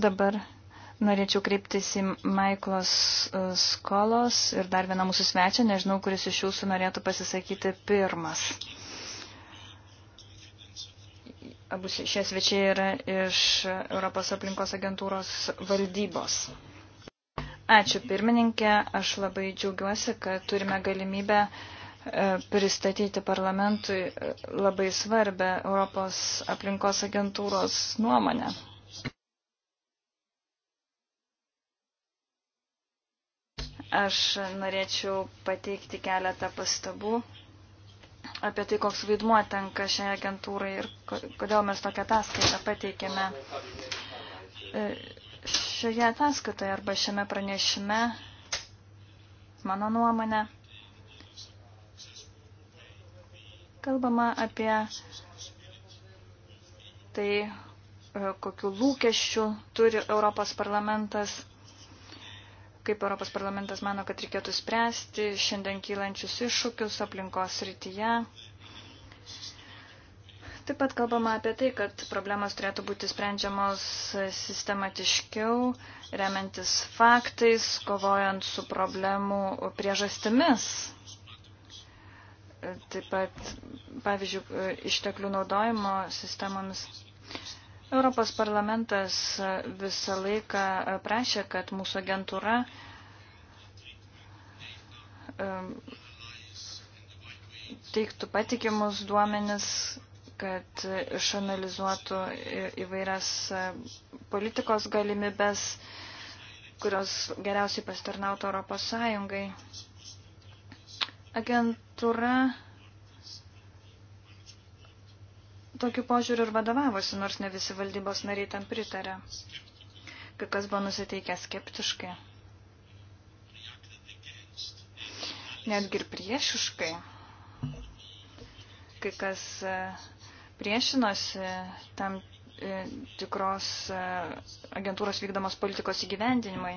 S2: Dabar norėčiau kreiptis į Maiklos e, Skolos ir dar vieną mūsų svečią, nežinau, kuris iš jūsų norėtų pasisakyti pirmas. Abu šie svečiai yra iš Europos aplinkos agentūros valdybos. Ačiū pirmininkė, aš labai džiaugiuosi, kad turime galimybę e, pristatyti parlamentui e, labai svarbę Europos aplinkos agentūros nuomonę. Aš norėčiau pateikti keletą pastabų apie tai, koks vaidmuo tenka šiai agentūrai ir kodėl mes tokią ataskaitą pateikėme. E, šioje ataskaitoje arba šiame pranešime, mano nuomonė, kalbama apie tai, e, kokiu lūkesčiu turi Europos parlamentas kaip Europos parlamentas mano, kad reikėtų spręsti šiandien kylančius iššūkius aplinkos rytyje. Taip pat kalbama apie tai, kad problemas turėtų būti sprendžiamos sistematiškiau, remiantis faktais, kovojant su problemų priežastimis. Taip pat, pavyzdžiui, išteklių naudojimo sistemomis. Europos parlamentas visą laiką prašė, kad mūsų agentūra teiktų patikimus duomenis, kad išanalizuotų įvairias politikos galimybės, kurios geriausiai pasitarnautų Europos Sąjungai. Agentūra tokiu požiūriu ir vadovavosi, nors ne visi valdybos nariai tam pritarė. Kai kas buvo nusiteikę skeptiškai. Netgi ir priešiškai. Kai kas e, priešinosi tam e, tikros e, agentūros vykdomos politikos įgyvendinimai.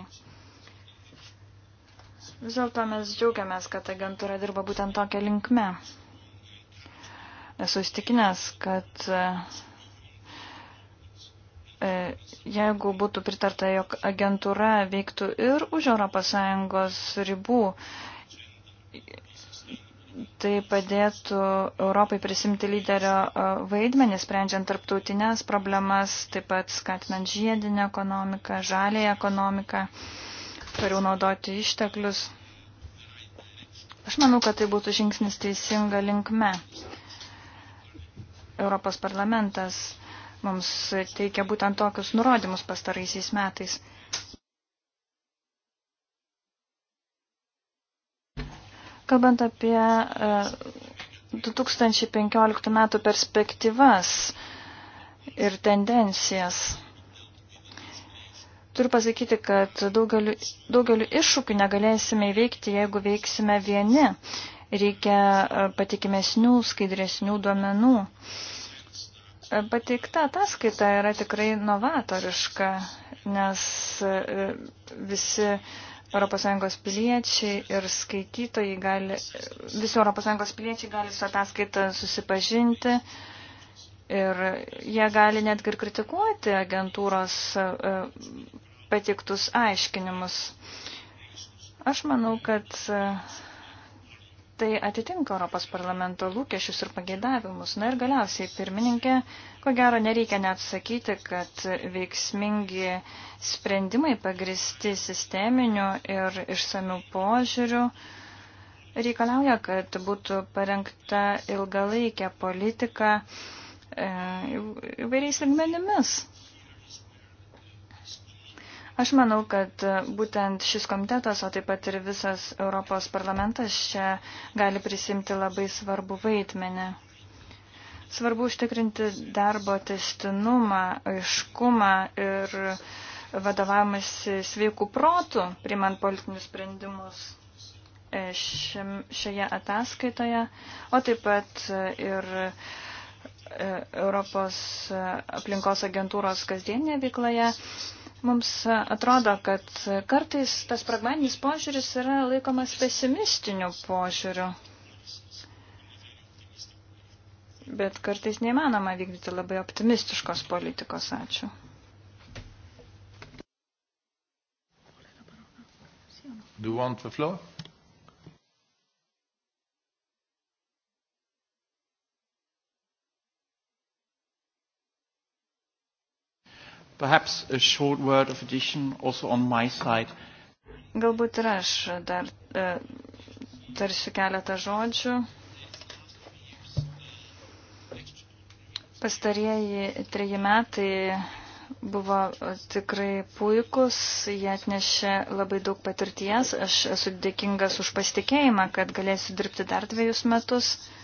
S2: Vis dėlto mes džiaugiamės, kad agentūra dirba būtent tokią linkmę. Esu įstikinęs, kad e, jeigu būtų pritarta, jog agentūra veiktų ir už ES ribų, tai padėtų Europai prisimti lyderio e, vaidmenį, sprendžiant tarptautinės problemas, taip pat skatinant žiedinę ekonomiką, žalę ekonomiką, tvariau naudoti išteklius. Aš manau, kad tai būtų žingsnis teisinga linkme. Europos parlamentas mums teikia būtent tokius nurodymus pastaraisiais metais. Kalbant apie 2015 e, metų perspektyvas ir tendencijas, turiu pasakyti, kad daugeliu, daugeliu iššūkių negalėsime įveikti, jeigu veiksime vieni reikia e, patikimesnių, skaidresnių duomenų. E, pateikta ataskaita yra tikrai novatoriška, nes e, visi ES piliečiai ir skaitytojai gali, visi ES piliečiai gali su ataskaita susipažinti ir jie gali netgi ir kritikuoti agentūros pateiktus aiškinimus. Aš manau, kad tai atitinka Europos parlamento lūkesčius ir pageidavimus. Na ir galiausiai, pirmininkė, ko gero nereikia net sakyti, kad veiksmingi sprendimai pagristi sisteminiu ir išsamiu požiūriu reikalauja, kad būtų parengta ilgalaikė politika e, įvairiais lygmenimis. Aš manau, kad e, būtent šis komitetas, o taip pat ir visas Europos parlamentas čia gali prisimti labai svarbu vaidmenį. Svarbu užtikrinti darbo testinumą, aiškumą ir vadovavimas sveikų protų, primant politinius sprendimus e, šioje ataskaitoje, o taip pat e, ir Europos aplinkos agentūros kasdienėje veikloje Mums atrodo, kad kartais tas pragmatinis požiūris yra laikomas pesimistiniu požiūriu. Bet kartais neįmanoma vykdyti labai optimistiškos politikos. Ačiū. Do you want the floor?
S1: Perhaps a short word of addition also on my
S2: side. Galbūt ir aš dar e, tarsiu keletą žodžių. Pastarieji treji metai buvo tikrai puikus, jie atnešė labai daug patirties. Aš esu dėkingas už pasitikėjimą, kad galėsiu dirbti dar dviejus metus. E,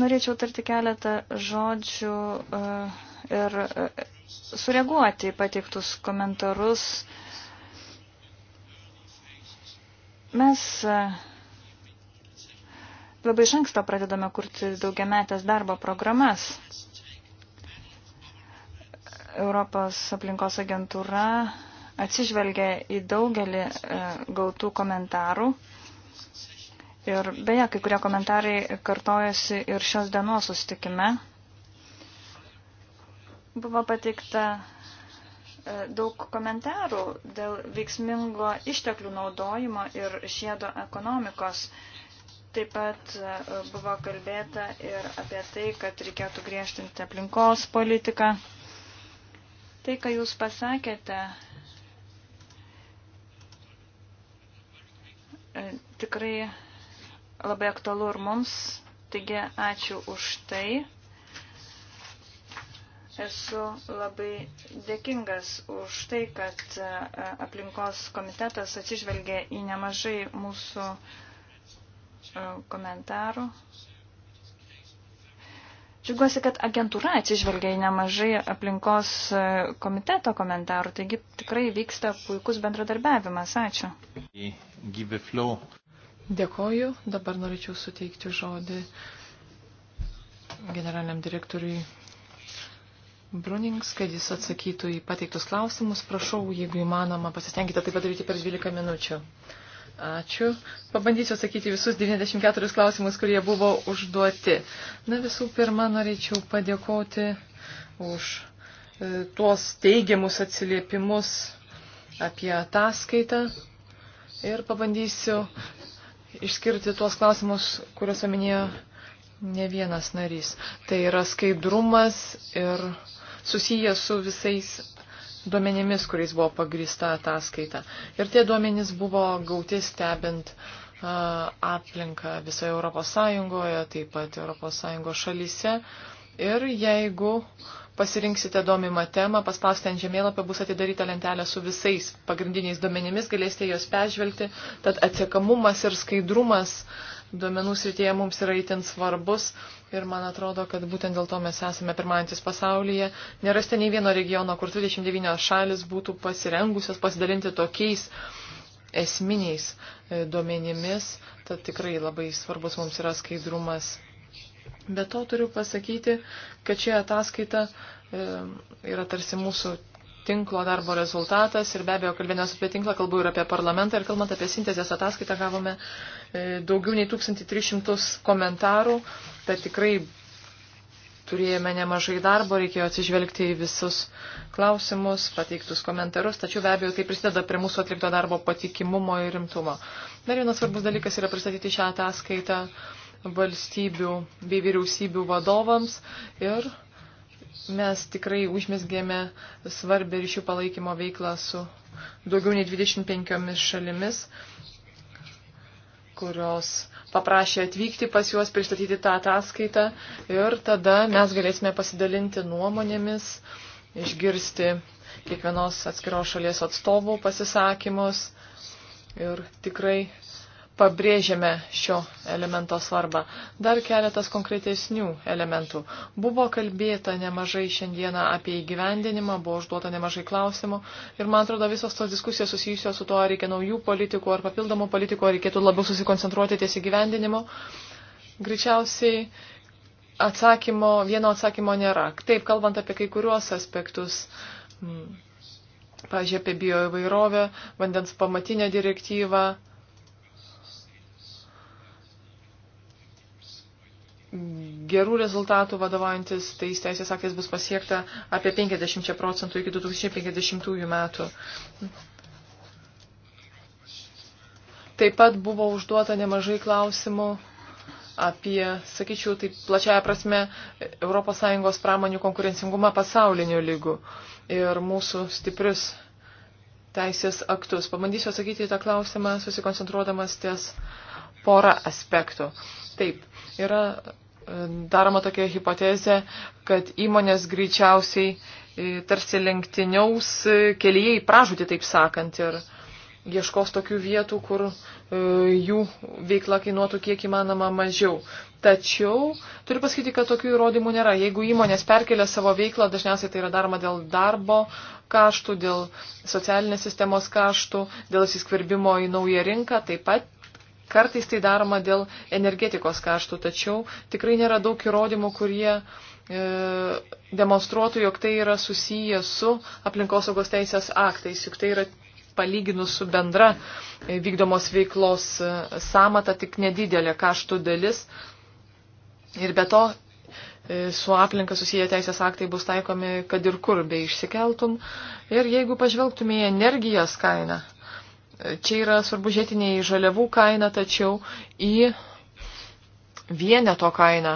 S2: Norėčiau tarti keletą žodžių e, ir e, sureaguoti į pateiktus komentarus. Mes e, labai iš anksto pradedame kurti daugiametės darbo programas. Europos aplinkos agentūra atsižvelgia į daugelį gautų komentarų Ir beje, kai kurie komentarai kartojasi ir šios dienos sustikime. Buvo pateikta e, daug komentarų dėl veiksmingo išteklių naudojimo ir šėdo ekonomikos. Taip pat e, buvo kalbėta ir apie tai, kad reikėtų griežtinti aplinkos politiką. Tai, ką jūs pasakėte, e, tikrai labai aktualu ir mums. Taigi, ačiū už tai. Esu labai dėkingas už tai, kad e, aplinkos komitetas atsižvelgia į nemažai mūsų e, komentarų. Džiugiuosi, kad agentūra atsižvelgia į nemažai aplinkos e, komiteto komentarų, taigi tikrai vyksta puikus bendradarbiavimas. Ačiū.
S4: Dėkoju. Dabar norėčiau suteikti žodį generaliniam direktoriui Brunings, kad jis atsakytų į pateiktus klausimus. Prašau, jeigu įmanoma, pasistengite tai padaryti per 12 minučių. Ačiū. Pabandysiu atsakyti visus 94 klausimus, kurie buvo užduoti. Na visų pirma, norėčiau padėkoti už e, tuos teigiamus atsiliepimus apie ataskaitą ir pabandysiu išskirti tuos klausimus, kuriuos minėjo ne vienas narys. Tai yra skaidrumas ir susijęs su visais duomenimis, kuriais buvo pagrįsta ataskaita. Ir tie duomenys buvo gauti stebint uh, aplinką visoje Europos Sąjungoje, taip pat Europos Sąjungos šalyse. Ir jeigu uh, pasirinksite domimą temą, paspausite ant žemėlapio, bus atidaryta lentelė su visais pagrindiniais duomenimis, galėsite juos peržvelgti, tad atsiekamumas ir skaidrumas duomenų srityje mums yra itin svarbus ir man atrodo, kad būtent dėl to mes esame pirmantis pasaulyje. Nerasite nei vieno regiono, kur 29 šalis būtų pasirengusios pasidalinti tokiais esminiais e, duomenimis, tad tikrai labai svarbus mums yra skaidrumas Be to turiu pasakyti, kad ši ataskaita e, yra tarsi mūsų tinklo darbo rezultatas ir be abejo, kalbėdamas apie tinklą, kalbu ir apie parlamentą ir kalbant apie sintezės ataskaitą, gavome e, daugiau nei 1300 komentarų, tad tikrai turėjome nemažai darbo, reikėjo atsižvelgti į visus klausimus, pateiktus komentarus, tačiau be abejo tai prisideda prie mūsų atlikto darbo patikimumo ir rimtumo. Dar vienas svarbus dalykas yra pristatyti šią ataskaitą valstybių bei vyriausybių vadovams ir mes tikrai užmesgėme svarbę ryšių palaikymo veiklą su daugiau nei 25 šalimis, kurios paprašė atvykti pas juos, pristatyti tą ataskaitą ir tada mes galėsime pasidalinti nuomonėmis, išgirsti kiekvienos atskiros šalies atstovų pasisakymus ir tikrai pabrėžėme šio elemento svarbą. Dar keletas konkretesnių elementų. Buvo kalbėta nemažai šiandieną apie įgyvendinimą, buvo užduota nemažai klausimų ir man atrodo visos tos diskusijos susijusios su to, ar reikia naujų politikų ar papildomų politikų, ar reikėtų labiau susikoncentruoti ties įgyvendinimu. Greičiausiai atsakymo, vieno atsakymo nėra. Taip, kalbant apie kai kuriuos aspektus. Mm, pavyzdžiui, apie bioįvairovę, vandens pamatinę direktyvą, gerų rezultatų vadovaujantis tais teisės aktais bus pasiekta apie 50 procentų iki 2050 metų. Taip pat buvo užduota nemažai klausimų apie, sakyčiau, taip plačiaja prasme, ES pramonių konkurencingumą pasauliniu lygu ir mūsų stiprius teisės aktus. Pabandysiu atsakyti į tą klausimą, susikoncentruodamas ties porą aspektų. Taip, yra daroma tokia hipotezė, kad įmonės greičiausiai e, tarsi lenktyniaus e, kelyje į pražūtį, taip sakant, ir ieškos tokių vietų, kur e, jų veikla kainuotų kiek įmanoma mažiau. Tačiau turiu pasakyti, kad tokių įrodymų nėra. Jeigu įmonės perkelia savo veiklą, dažniausiai tai yra daroma dėl darbo kaštų, dėl socialinės sistemos kaštų, dėl įsiskverbimo į naują rinką, taip pat Kartais tai daroma dėl energetikos kaštų, tačiau tikrai nėra daug įrodymų, kurie e, demonstruotų, jog tai yra susiję su aplinkosaugos teisės aktais, juk tai yra palyginus su bendra e, vykdomos veiklos e, samata, tik nedidelė kaštų dalis. Ir be to e, su aplinka susiję teisės aktai bus taikomi, kad ir kur bei išsikeltum. Ir jeigu pažvelgtume į energijos kainą, Čia yra svarbu žiūrėti ne į žaliavų kainą, tačiau į vieneto kainą.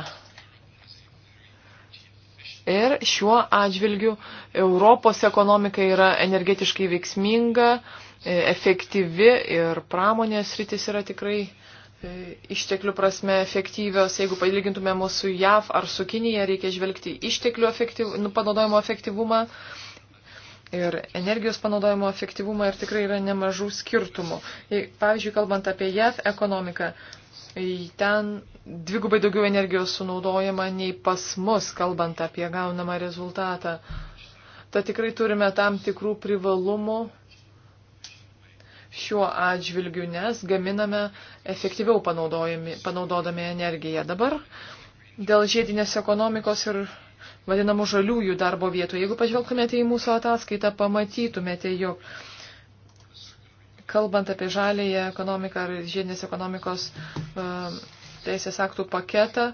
S4: Ir šiuo atžvilgiu Europos ekonomika yra energetiškai veiksminga, e, efektyvi ir pramonės rytis yra tikrai e, išteklių prasme efektyvios. Jeigu palygintume mūsų JAV ar su Kinija, reikia žvelgti išteklių efektyv, nu, panaudojimo efektyvumą. efektyvumą ir energijos panaudojimo efektyvumą ir tikrai yra nemažų skirtumų. Pavyzdžiui, kalbant apie JAV ekonomiką, ten dvigubai daugiau energijos sunaudojama nei pas mus, kalbant apie gaunamą rezultatą. Tad tikrai turime tam tikrų privalumų šiuo atžvilgiu, nes gaminame efektyviau panaudodami energiją. Dabar dėl žiedinės ekonomikos ir vadinamų žaliųjų darbo vietų. Jeigu pažvelgtumėte į mūsų ataskaitą, pamatytumėte, jog kalbant apie žalėją ekonomiką ar žiedinės ekonomikos e, teisės aktų paketą,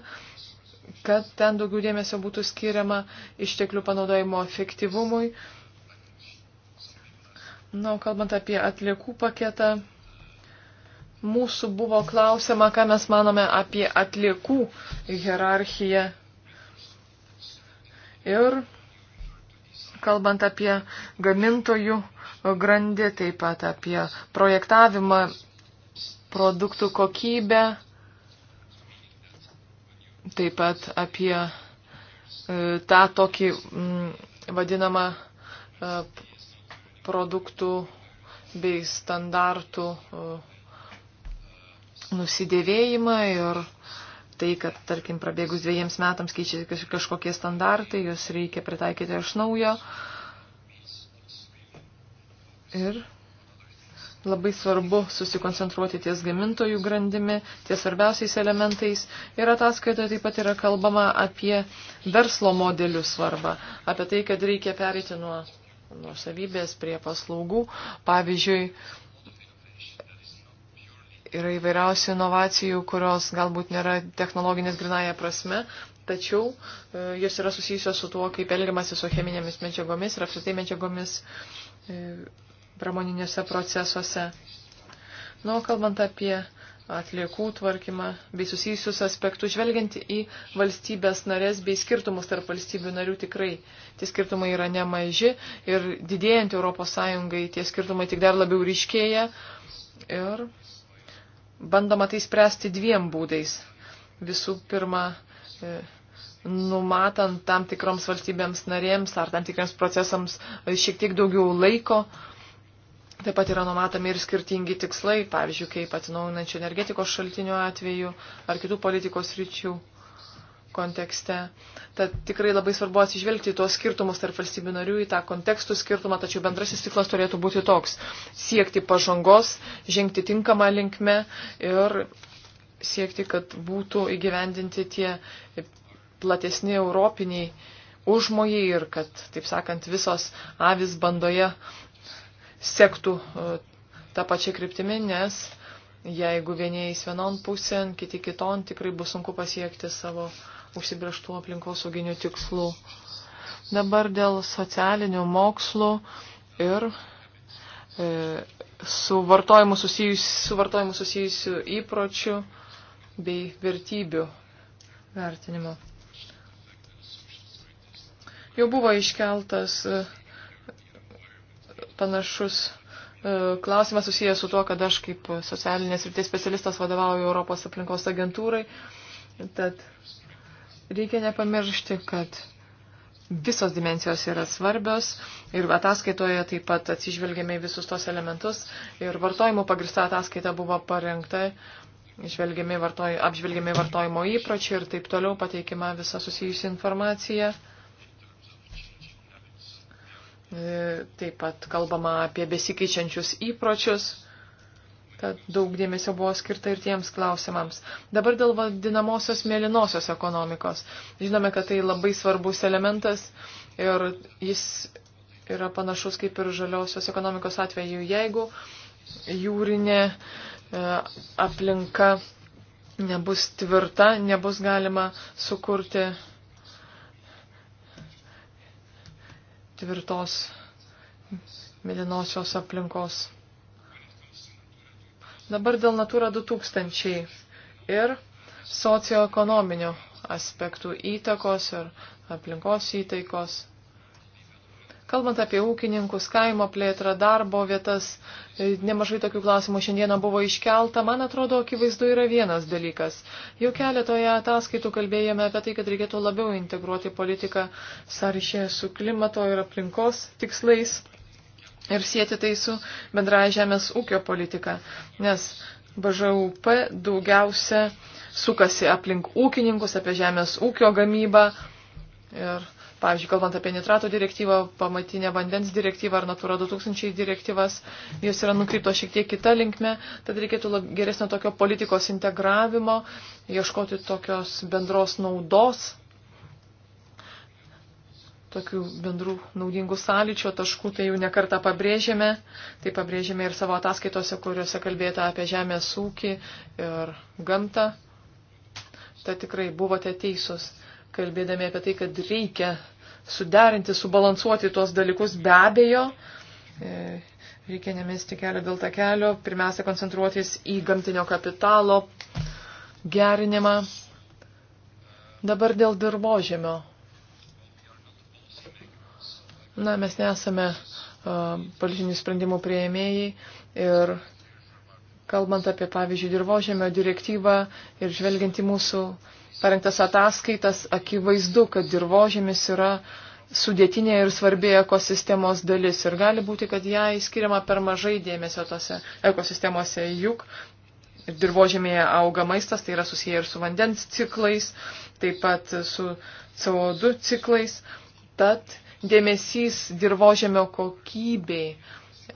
S4: kad ten daugiau dėmesio būtų skiriama išteklių panaudojimo efektyvumui. Na, kalbant apie atliekų paketą, mūsų buvo klausima, ką mes manome apie atliekų hierarchiją Ir kalbant apie gamintojų grandį, taip pat apie projektavimą, produktų kokybę, taip pat apie e, tą tokį m, mm, vadinamą e, produktų bei standartų e, nusidėvėjimą ir tai, kad, tarkim, prabėgus dviejiems metams keičiasi kažkokie standartai, juos reikia pritaikyti iš naujo. Ir labai svarbu susikoncentruoti ties gamintojų grandimi, ties svarbiausiais elementais. Ir ataskaitoje taip pat yra kalbama apie verslo modelių svarbą, apie tai, kad reikia perėti nuo nuosavybės prie paslaugų. Pavyzdžiui, Yra įvairiausių inovacijų, kurios galbūt nėra technologinės grinaja prasme, tačiau e, jos yra susijusios su tuo, kaip elgiamasi su cheminėmis medžiagomis ir apskritai medžiagomis e, pramoninėse procesuose. Na, nu, kalbant apie atliekų tvarkymą bei susijusius aspektus, žvelgiant į valstybės narės bei skirtumus tarp valstybių narių tikrai. Tie skirtumai yra nemaži ir didėjant ES tie skirtumai tik dar labiau ryškėja. Ir bandoma tai spręsti dviem būdais. Visų pirma, e, numatant tam tikroms valstybėms narėms ar tam tikriams procesams e, šiek tiek daugiau laiko. Taip pat yra numatomi ir skirtingi tikslai, pavyzdžiui, kaip atsinaujinančių energetikos šaltinių atveju ar kitų politikos ryčių kontekste. Tad tikrai labai svarbu atsižvelgti į tuos skirtumus tarp valstybių narių, į tą kontekstų skirtumą, tačiau bendrasis tiklas turėtų būti toks - siekti pažangos, žengti tinkamą linkmę ir siekti, kad būtų įgyvendinti tie platesni europiniai užmojai ir kad, taip sakant, visos avis bandoje sektų e, tą pačią kryptimį, nes jeigu vieni eis vienon pusėn, kiti kiton, tikrai bus sunku pasiekti savo uh, užsibrieštų aplinkosauginių tikslų. Dabar dėl socialinių mokslų ir e, su, vartojimu susijus, su vartojimu susijusių įpročių bei vertybių vertinimo. Jau buvo iškeltas e, panašus e, klausimas susijęs su tuo, kad aš kaip socialinės ryties specialistas vadovauju Europos aplinkos agentūrai. Tad reikia nepamiršti, kad visos dimensijos yra svarbios ir ataskaitoje taip pat atsižvelgėme į visus tos elementus ir vartojimo pagrista ataskaita buvo parengta, vartoj, apžvelgėme vartojimo įpročių ir taip toliau pateikima visa susijusi informacija. E, taip pat kalbama apie besikeičiančius įpročius. Tad daug dėmesio buvo skirta ir tiems klausimams. Dabar dėl vadinamosios mėlynosios ekonomikos. Žinome, kad tai labai svarbus elementas ir jis yra panašus kaip ir žaliosios ekonomikos atveju, jeigu jūrinė e, aplinka nebus tvirta, nebus galima sukurti tvirtos mėlynosios aplinkos. Dabar dėl Natura 2000 ir socioekonominio aspektų įtakos ir aplinkos įtaikos. Kalbant apie ūkininkus, kaimo plėtrą, darbo vietas, nemažai tokių klausimų šiandieną buvo iškelta, man atrodo, akivaizdu yra vienas dalykas. Jau keletoje ataskaitų kalbėjome apie tai, kad reikėtų labiau integruoti politiką sąryšėje su klimato ir aplinkos tikslais ir sieti tai su bendraja žemės ūkio politika, nes BŽUP daugiausia sukasi aplink ūkininkus, apie žemės ūkio gamybą ir, pavyzdžiui, kalbant apie nitrato direktyvą, pamatinę vandens direktyvą ar Natura 2000 direktyvas, jos yra nukrypto šiek tiek kita linkme, tad reikėtų lab, geresnio tokio politikos integravimo, ieškoti tokios bendros naudos tokių bendrų naudingų sąlyčio taškų, tai jau nekartą pabrėžėme, tai pabrėžėme ir savo ataskaitose, kuriuose kalbėta apie žemės ūkį ir gamtą. Tai tikrai buvote teisūs, kalbėdami apie tai, kad reikia suderinti, subalansuoti tuos dalykus be abejo. E, reikia nemesti kelio dėl tą kelio, pirmiausia koncentruotis į gamtinio kapitalo gerinimą. Dabar dėl dirbožėmio Na, mes nesame uh, politinių sprendimų prieėmėjai ir kalbant apie, pavyzdžiui, dirbožėmio direktyvą ir žvelgiant į mūsų parengtas ataskaitas, akivaizdu, kad dirbožėmis yra sudėtinė ir svarbi ekosistemos dalis ir gali būti, kad jai skiriama per mažai dėmesio tose ekosistemose, juk dirbožėmėje auga maistas, tai yra susiję ir su vandens ciklais, taip pat su CO2 ciklais, tad dėmesys dirbožėmio kokybei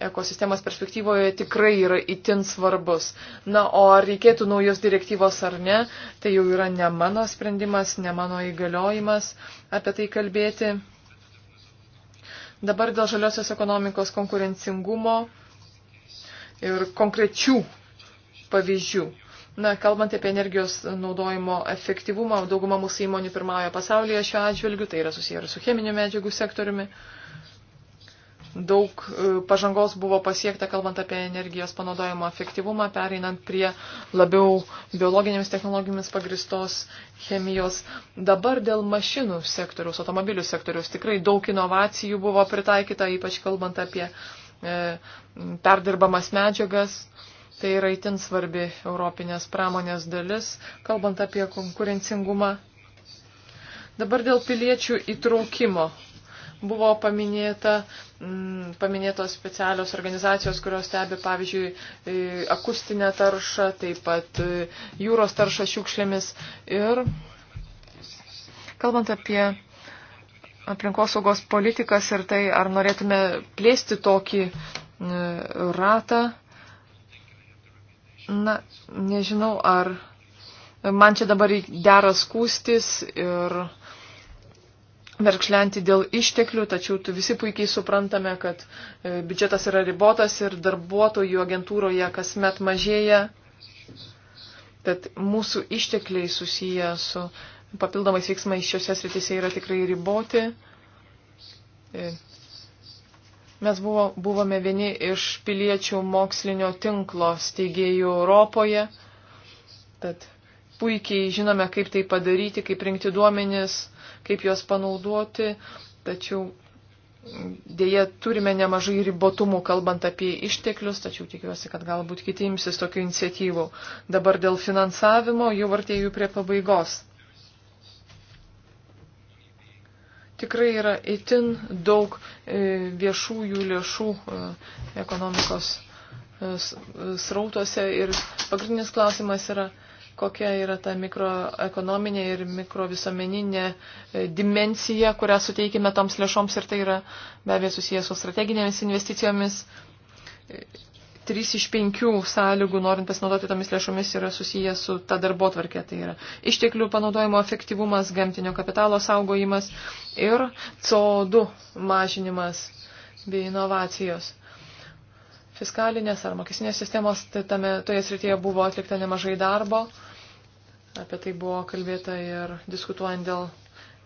S4: ekosistemos perspektyvoje tikrai yra itin svarbus. Na, o ar reikėtų naujos direktyvos ar ne, tai jau yra ne mano sprendimas, ne mano įgaliojimas apie tai kalbėti. Dabar dėl žaliosios ekonomikos konkurencingumo ir konkrečių pavyzdžių. Na, kalbant apie energijos naudojimo efektyvumą, dauguma mūsų įmonių pirmauja pasaulyje šiuo atžvilgiu, tai yra susiję ir su cheminių medžiagų sektoriumi. Daug e, pažangos buvo pasiekta, kalbant apie energijos panaudojimo efektyvumą, pereinant prie labiau biologinėmis technologijomis pagristos chemijos. Dabar dėl mašinų sektoriaus, automobilių sektoriaus tikrai daug inovacijų buvo pritaikyta, ypač kalbant apie e, perdirbamas medžiagas, Tai yra itin svarbi Europinės pramonės dalis, kalbant apie konkurencingumą. Dabar dėl piliečių įtraukimo. Buvo paminėta, m, mm, paminėtos specialios organizacijos, kurios stebi, pavyzdžiui, e, akustinę taršą, taip pat e, jūros taršą šiukšlėmis. Ir kalbant apie aplinkosaugos politikas ir tai, ar norėtume plėsti tokį e, ratą, Na, nežinau, ar man čia dabar dera skūstis ir verkšlenti dėl išteklių, tačiau visi puikiai suprantame, kad e, biudžetas yra ribotas ir darbuotojų agentūroje kasmet mažėja. Tad mūsų ištekliai susiję su papildomais veiksmais šiuose srityse yra tikrai riboti. E, Mes buvo, buvome vieni iš piliečių mokslinio tinklo steigėjų Europoje. Tad puikiai žinome, kaip tai padaryti, kaip rinkti duomenis, kaip juos panaudoti. Tačiau dėje turime nemažai ribotumų, kalbant apie išteklius, tačiau tikiuosi, kad galbūt kiti imsis tokių iniciatyvų. Dabar dėl finansavimo jau artėjau prie pabaigos. tikrai yra itin daug e, viešųjų lėšų e, ekonomikos e, srautuose ir pagrindinis klausimas yra, kokia yra ta mikroekonominė ir mikrovisuomeninė dimencija, kurią suteikime toms lėšoms ir tai yra be abejo susijęs su strateginėmis investicijomis trys iš penkių sąlygų, norint pasinaudoti tomis lėšomis, yra susijęs su ta darbo tvarkė. Tai yra išteklių panaudojimo efektyvumas, gamtinio kapitalo saugojimas ir CO2 mažinimas bei inovacijos. Fiskalinės ar mokesinės sistemos tai tame, toje srityje buvo atlikta nemažai darbo. Apie tai buvo kalbėta ir diskutuojant dėl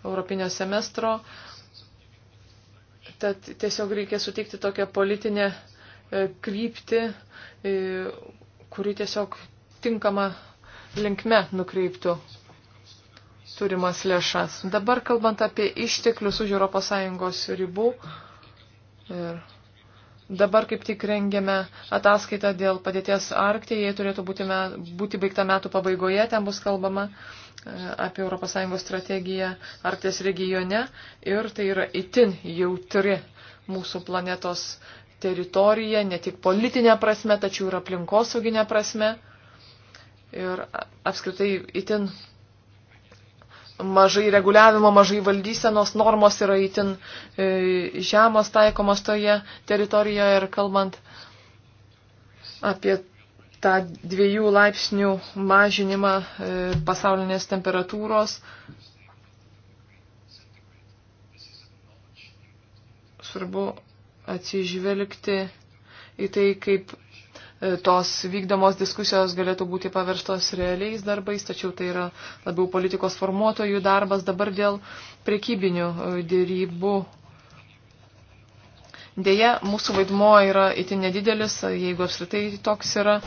S4: Europinio semestro. Tad tiesiog reikia suteikti tokią politinę E, krypti, e, kuri tiesiog tinkama linkme nukreiptų turimas lėšas. Dabar kalbant apie išteklius už ES ribų ir dabar kaip tik rengiame ataskaitą dėl padėties Arktėje, jie turėtų būti, me, būti baigta metų pabaigoje, ten bus kalbama e, apie ES strategiją Arktės regione ir tai yra itin jautri mūsų planetos teritoriją, ne tik politinė prasme, tačiau ir aplinkosauginė prasme. Ir apskritai itin mažai reguliavimo, mažai valdysenos normos yra itin e, žemos taikomos toje teritorijoje ir kalbant apie tą dviejų laipsnių mažinimą e, pasaulinės temperatūros. Svarbu atsižvelgti į tai, kaip e, tos vykdomos diskusijos galėtų būti paverstos realiais darbais, tačiau tai yra labiau politikos formuotojų darbas dabar dėl prekybinių e, dėrybų. Deja, mūsų vaidmo yra itin nedidelis, e, jeigu apskritai toks yra,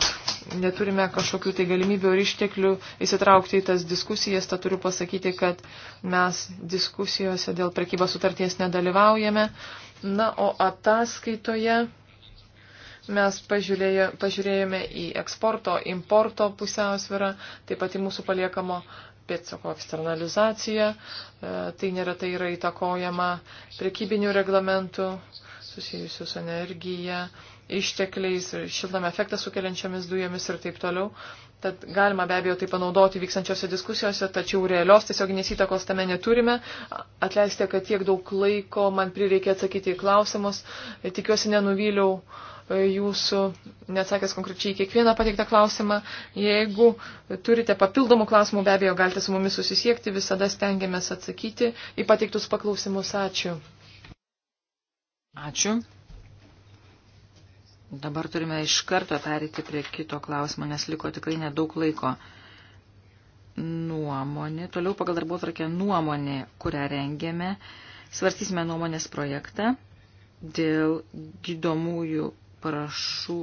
S4: neturime kažkokių tai galimybių ir išteklių įsitraukti į tas diskusijas, tad turiu pasakyti, kad mes diskusijose dėl prekybos sutarties nedalyvaujame. Uh, Na, o ataskaitoje mes pažiūrėjome į eksporto, importo pusiausvyrą, taip pat į mūsų paliekamo pėtsako eksternalizaciją. E, tai neretai yra įtakojama prekybinių reglamentų susijusių su energija, ištekliais, šiltame efektą sukeliančiamis dujomis ir taip toliau. Tad galima be abejo tai panaudoti vykstančiose diskusijose, tačiau realios tiesioginės įtakos tame neturime. Atleiskite, kad tiek daug laiko man prireikė atsakyti į klausimus. Tikiuosi nenuvyliau e, jūsų, neatsakęs konkrečiai kiekvieną pateiktą klausimą. Jeigu turite papildomų klausimų, be abejo galite su mumis susisiekti, visada stengiamės atsakyti į
S1: pateiktus paklausimus. Ačiū. Ačiū. Dabar turime iš karto perėti prie kito klausimo, nes liko tikrai nedaug laiko. Nuomonė. Toliau pagal darbo tvarkę nuomonė, kurią rengėme. Svarstysime nuomonės projektą dėl gydomųjų parašų,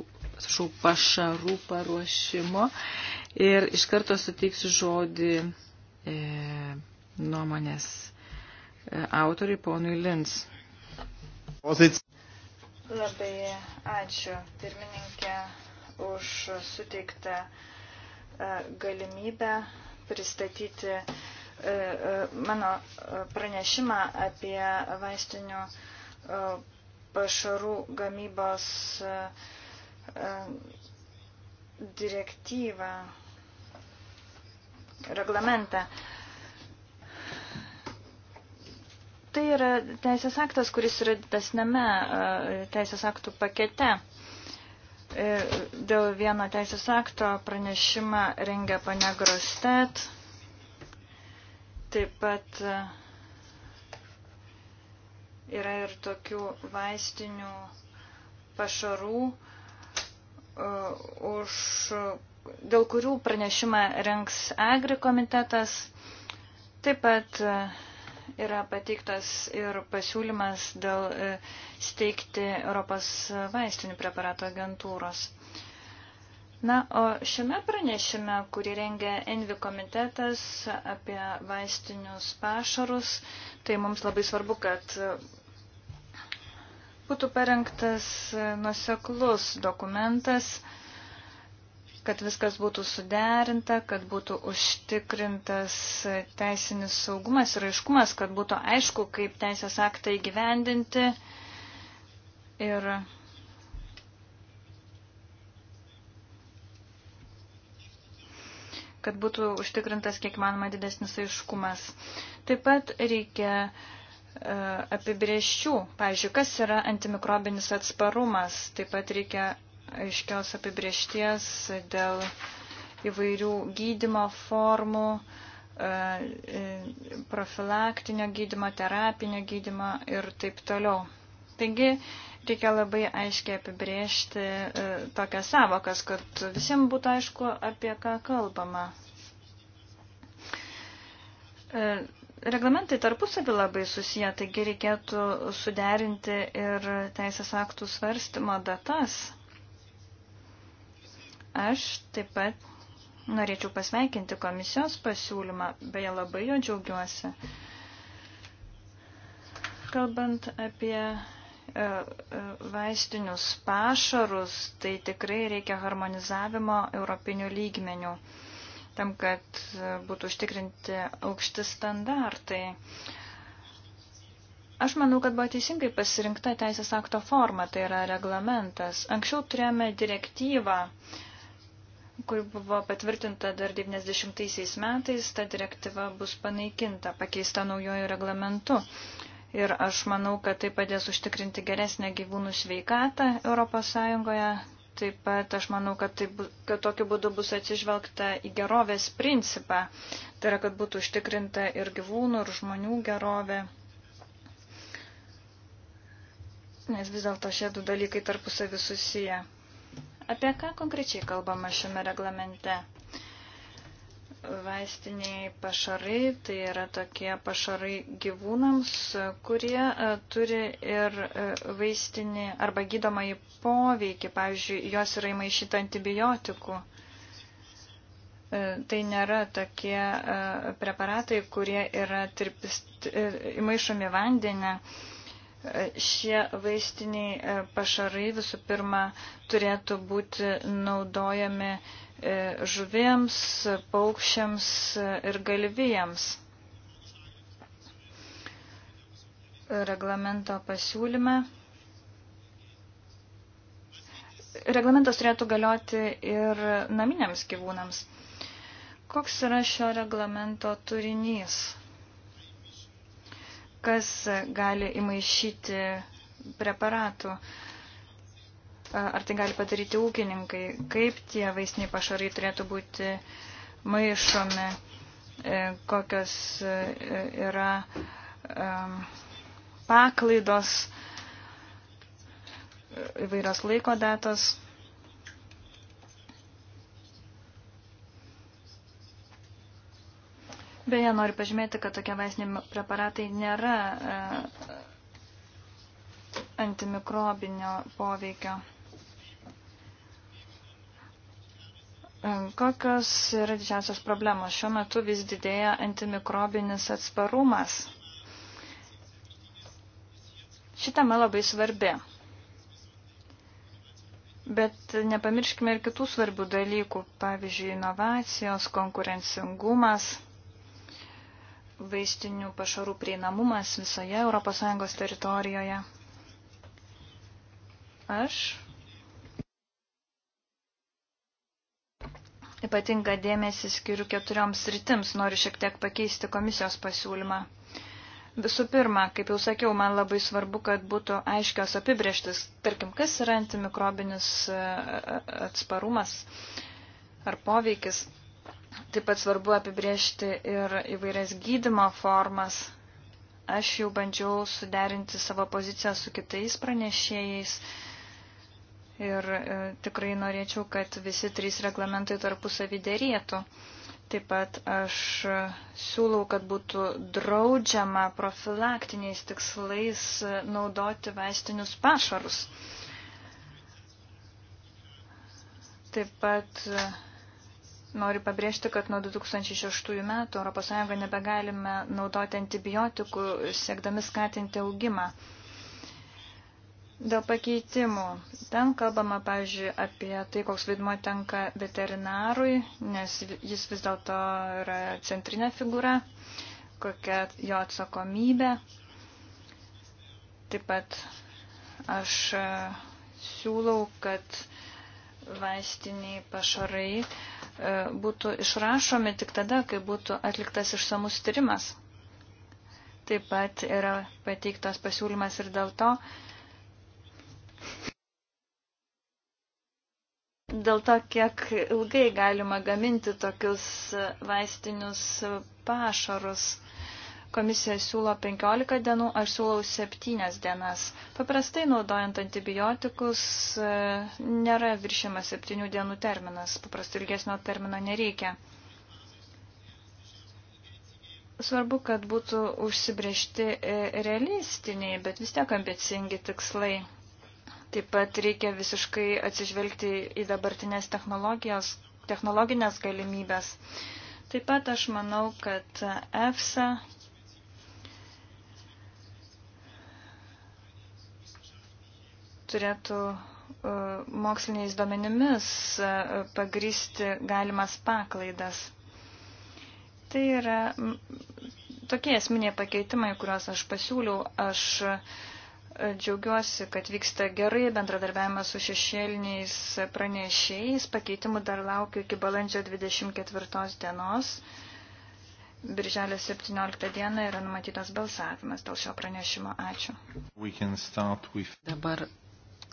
S1: sašau, pašarų paruošimo. Ir iš karto suteiksiu žodį e, nuomonės e, autoriui, ponui Lins. Posėdis.
S2: Labai ačiū pirmininkė už suteiktą e, galimybę pristatyti e, e, mano pranešimą apie vaistinių pašarų gamybos direktyvą,
S3: reglamentą.
S2: Tai yra teisės aktas, kuris yra didesnėme e, teisės aktų pakete. E, dėl vieno teisės akto pranešimą rengia pane Grostet. Taip pat e, yra ir tokių vaistinių pašarų, už, dėl kurių pranešimą rengs agri komitetas. Taip pat yra pateiktas ir pasiūlymas dėl e, steigti Europos vaistinių preparato agentūros. Na, o šiame pranešime, kurį rengia Envi komitetas apie vaistinius pašarus, tai mums labai svarbu, kad būtų parengtas nuseklus dokumentas, kad viskas būtų suderinta, kad būtų užtikrintas teisinis saugumas ir aiškumas, kad būtų aišku, kaip teisės aktą įgyvendinti. Ir kad būtų užtikrintas kiek manoma didesnis aiškumas. Taip pat reikia e, apibrieščių, pavyzdžiui, kas yra antimikrobinis atsparumas, taip pat reikia aiškios apibriešties dėl įvairių gydimo formų, e, e, profilaktinio gydimo, terapinio gydimo ir taip toliau. Taigi reikia labai aiškiai apibriežti e, tokias savokas, kad visiems būtų aišku, apie ką kalbama. Reglamentai tarpusavį labai susiję, taigi reikėtų suderinti ir teisės aktų svarstymo datas. Aš taip pat norėčiau pasveikinti komisijos pasiūlymą, beje labai jo džiaugiuosi. Kalbant apie e, e, vaistinius pašarus, tai tikrai reikia harmonizavimo europinių lygmenių, tam, kad e, būtų užtikrinti aukšti standartai. Aš manau, kad buvo teisingai pasirinkta teisės akto forma, tai yra reglamentas. Anksčiau turėjome direktyvą, uh, kur buvo patvirtinta dar 90 metais, ta direktyva bus panaikinta, pakeista naujojų reglamentu. Ir aš manau, kad tai padės užtikrinti geresnę gyvūnų sveikatą ES. Taip pat aš manau, kad, tai, kad tokiu būdu bus atsižvelgta į gerovės principą. Tai yra, kad būtų užtikrinta ir gyvūnų, ir žmonių gerovė. Nes vis dėlto šie du dalykai tarpusavį susiję. Apie ką konkrečiai kalbama šiame reglamente? Vaistiniai pašarai, tai yra tokie pašarai gyvūnams, kurie e, turi ir e, vaistinį arba gydomąjį poveikį, pavyzdžiui, jos yra įmaišyta antibiotikų e, tai nėra tokie preparatai, kurie yra tirpist, įmaišomi vandenę Šie vaistiniai e, pašarai visų pirma turėtų būti naudojami e, žuvėms, paukščiams e, ir galvijams. Reglamento pasiūlyme. Reglamentas turėtų galioti ir naminiams gyvūnams. Koks yra šio reglamento turinys? kas gali įmaišyti preparatų. Ar tai gali padaryti ūkininkai? Kaip tie vaistiniai pašarai turėtų būti maišomi? E, kokios e, yra paklaidos, e, įvairios laiko datos? Beje, noriu pažymėti, kad tokie vaistiniai preparatai nėra e, antimikrobinio poveikio. E, kokios yra didžiausios problemos? Šiuo metu vis didėja antimikrobinis atsparumas. Ši tema labai svarbi. Bet nepamirškime ir kitų svarbių dalykų, pavyzdžiui, inovacijos, konkurencingumas – vaistinių pašarų prieinamumas visoje ES teritorijoje. Aš ypatingą dėmesį skiriu keturioms rytims, noriu šiek tiek pakeisti komisijos pasiūlymą. Visų pirma, kaip jau sakiau, man labai svarbu, kad būtų aiškios apibrieštis, tarkim, kas yra antimikrobinis e, e, atsparumas ar poveikis. Taip pat svarbu apibriežti ir įvairias gydimo formas. Aš jau bandžiau suderinti savo poziciją su kitais pranešėjais. Ir e, tikrai norėčiau, kad visi trys reglamentai tarpusavį dėrėtų. Taip pat aš siūlau, kad būtų draudžiama profilaktiniais tikslais naudoti vaistinius pašarus. Taip pat Noriu pabrėžti, kad nuo 2006 metų ES nebegalime naudoti antibiotikų, siekdami skatinti augimą. Dėl pakeitimų. Ten kalbama, pavyzdžiui, apie tai, koks vaidmo tenka veterinarui, nes jis vis dėlto yra centrinė figūra, kokia jo atsakomybė. Taip pat aš e, siūlau, kad vaistiniai pašarai uh, E, būtų išrašomi tik tada, kai būtų atliktas išsamus tyrimas. Taip pat yra pateiktas pasiūlymas ir dėl to, dėl to, kiek ilgai galima gaminti tokius vaistinius pašarus. Komisija siūlo 15 dienų, aš siūlau 7 dienas. Paprastai naudojant antibiotikus e, nėra viršimas 7 dienų terminas, paprastai ilgesnio termino nereikia. Svarbu, kad būtų užsibriežti e, realistiniai, bet vis tiek ambicingi tikslai. Taip pat reikia visiškai atsižvelgti į dabartinės technologijos, technologinės galimybės. Taip pat aš manau, kad EFSA turėtų e, moksliniais duomenimis e, pagristi galimas paklaidas. Tai yra tokie esminiai pakeitimai, kuriuos aš pasiūliau. Aš e, džiaugiuosi, kad vyksta gerai bendradarbiavimas su šešėliniais pranešėjais. Pakeitimų dar laukiu iki balandžio 24 dienos. Birželio 17 dieną yra numatytas balsavimas
S1: dėl šio pranešimo. Ačiū. With... Dabar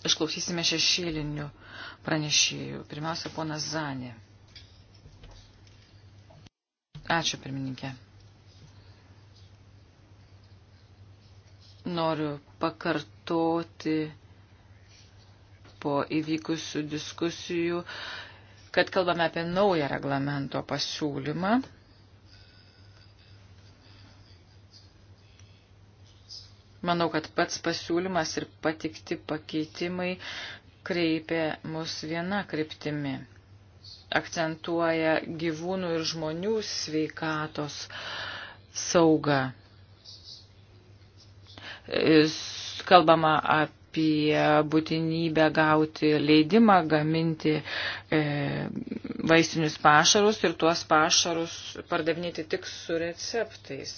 S1: išklausysime šešėlinių pranešėjų. Pirmiausia, ponas Zanė. Ačiū, pirmininkė. Noriu pakartoti po įvykusių diskusijų, kad kalbame apie naują reglamento pasiūlymą Manau, kad pats pasiūlymas ir patikti pakeitimai kreipia mus viena kryptimi. Akcentuoja gyvūnų ir žmonių sveikatos saugą. Kalbama apie apie būtinybę gauti leidimą gaminti e, vaistinius pašarus ir tuos pašarus pardavinėti tik su receptais.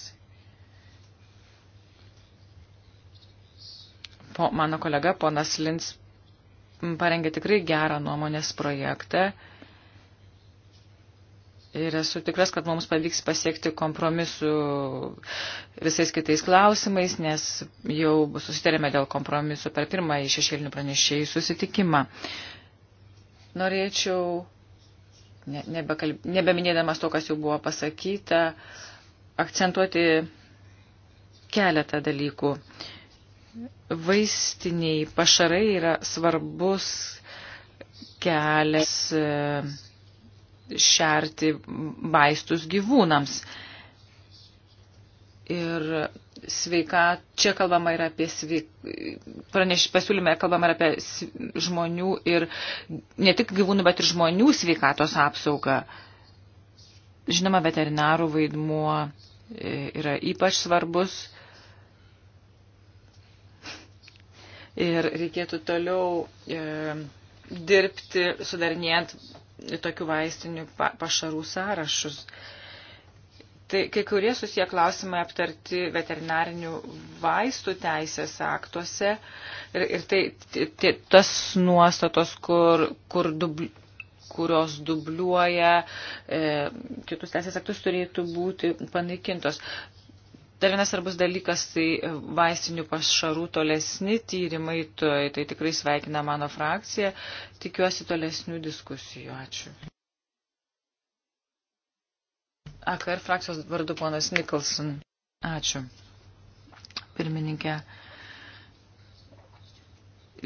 S1: po, mano kolega ponas Lins parengė tikrai gerą nuomonės projektą ir esu tikras, kad mums pavyks pasiekti kompromisų visais kitais klausimais, nes jau susitarėme dėl kompromisų per pirmąjį šešėlinių pranešėjų susitikimą. Norėčiau, ne, nebekalb, nebeminėdamas to, kas jau buvo pasakyta, akcentuoti keletą dalykų. Uh, vaistiniai pašarai yra svarbus kelias e, šerti vaistus gyvūnams. Ir sveika, čia kalbama yra apie sveik, praneš, pasiūlyme kalbama yra apie žmonių ir ne tik gyvūnų, bet ir žmonių sveikatos apsaugą. Žinoma, veterinarų vaidmuo e, yra ypač svarbus ir reikėtų toliau e, dirbti sudarinėjant tokių vaistinių pa, pašarų sąrašus. Tai kai kurie susiję klausimai aptarti veterinarinių vaistų teisės aktuose ir, ir tai, tai tas nuostatos, kur, kur dubl, kurios dubliuoja e, kitus teisės aktus turėtų būti panaikintos. Dar vienas svarbus dalykas, tai e, vaistinių pašarų tolesni tyrimai, tai, tai tikrai sveikina mano frakcija. Tikiuosi tolesnių diskusijų. Ačiū. AKR frakcijos vardu ponas Nikolson. Ačiū. Pirmininkė.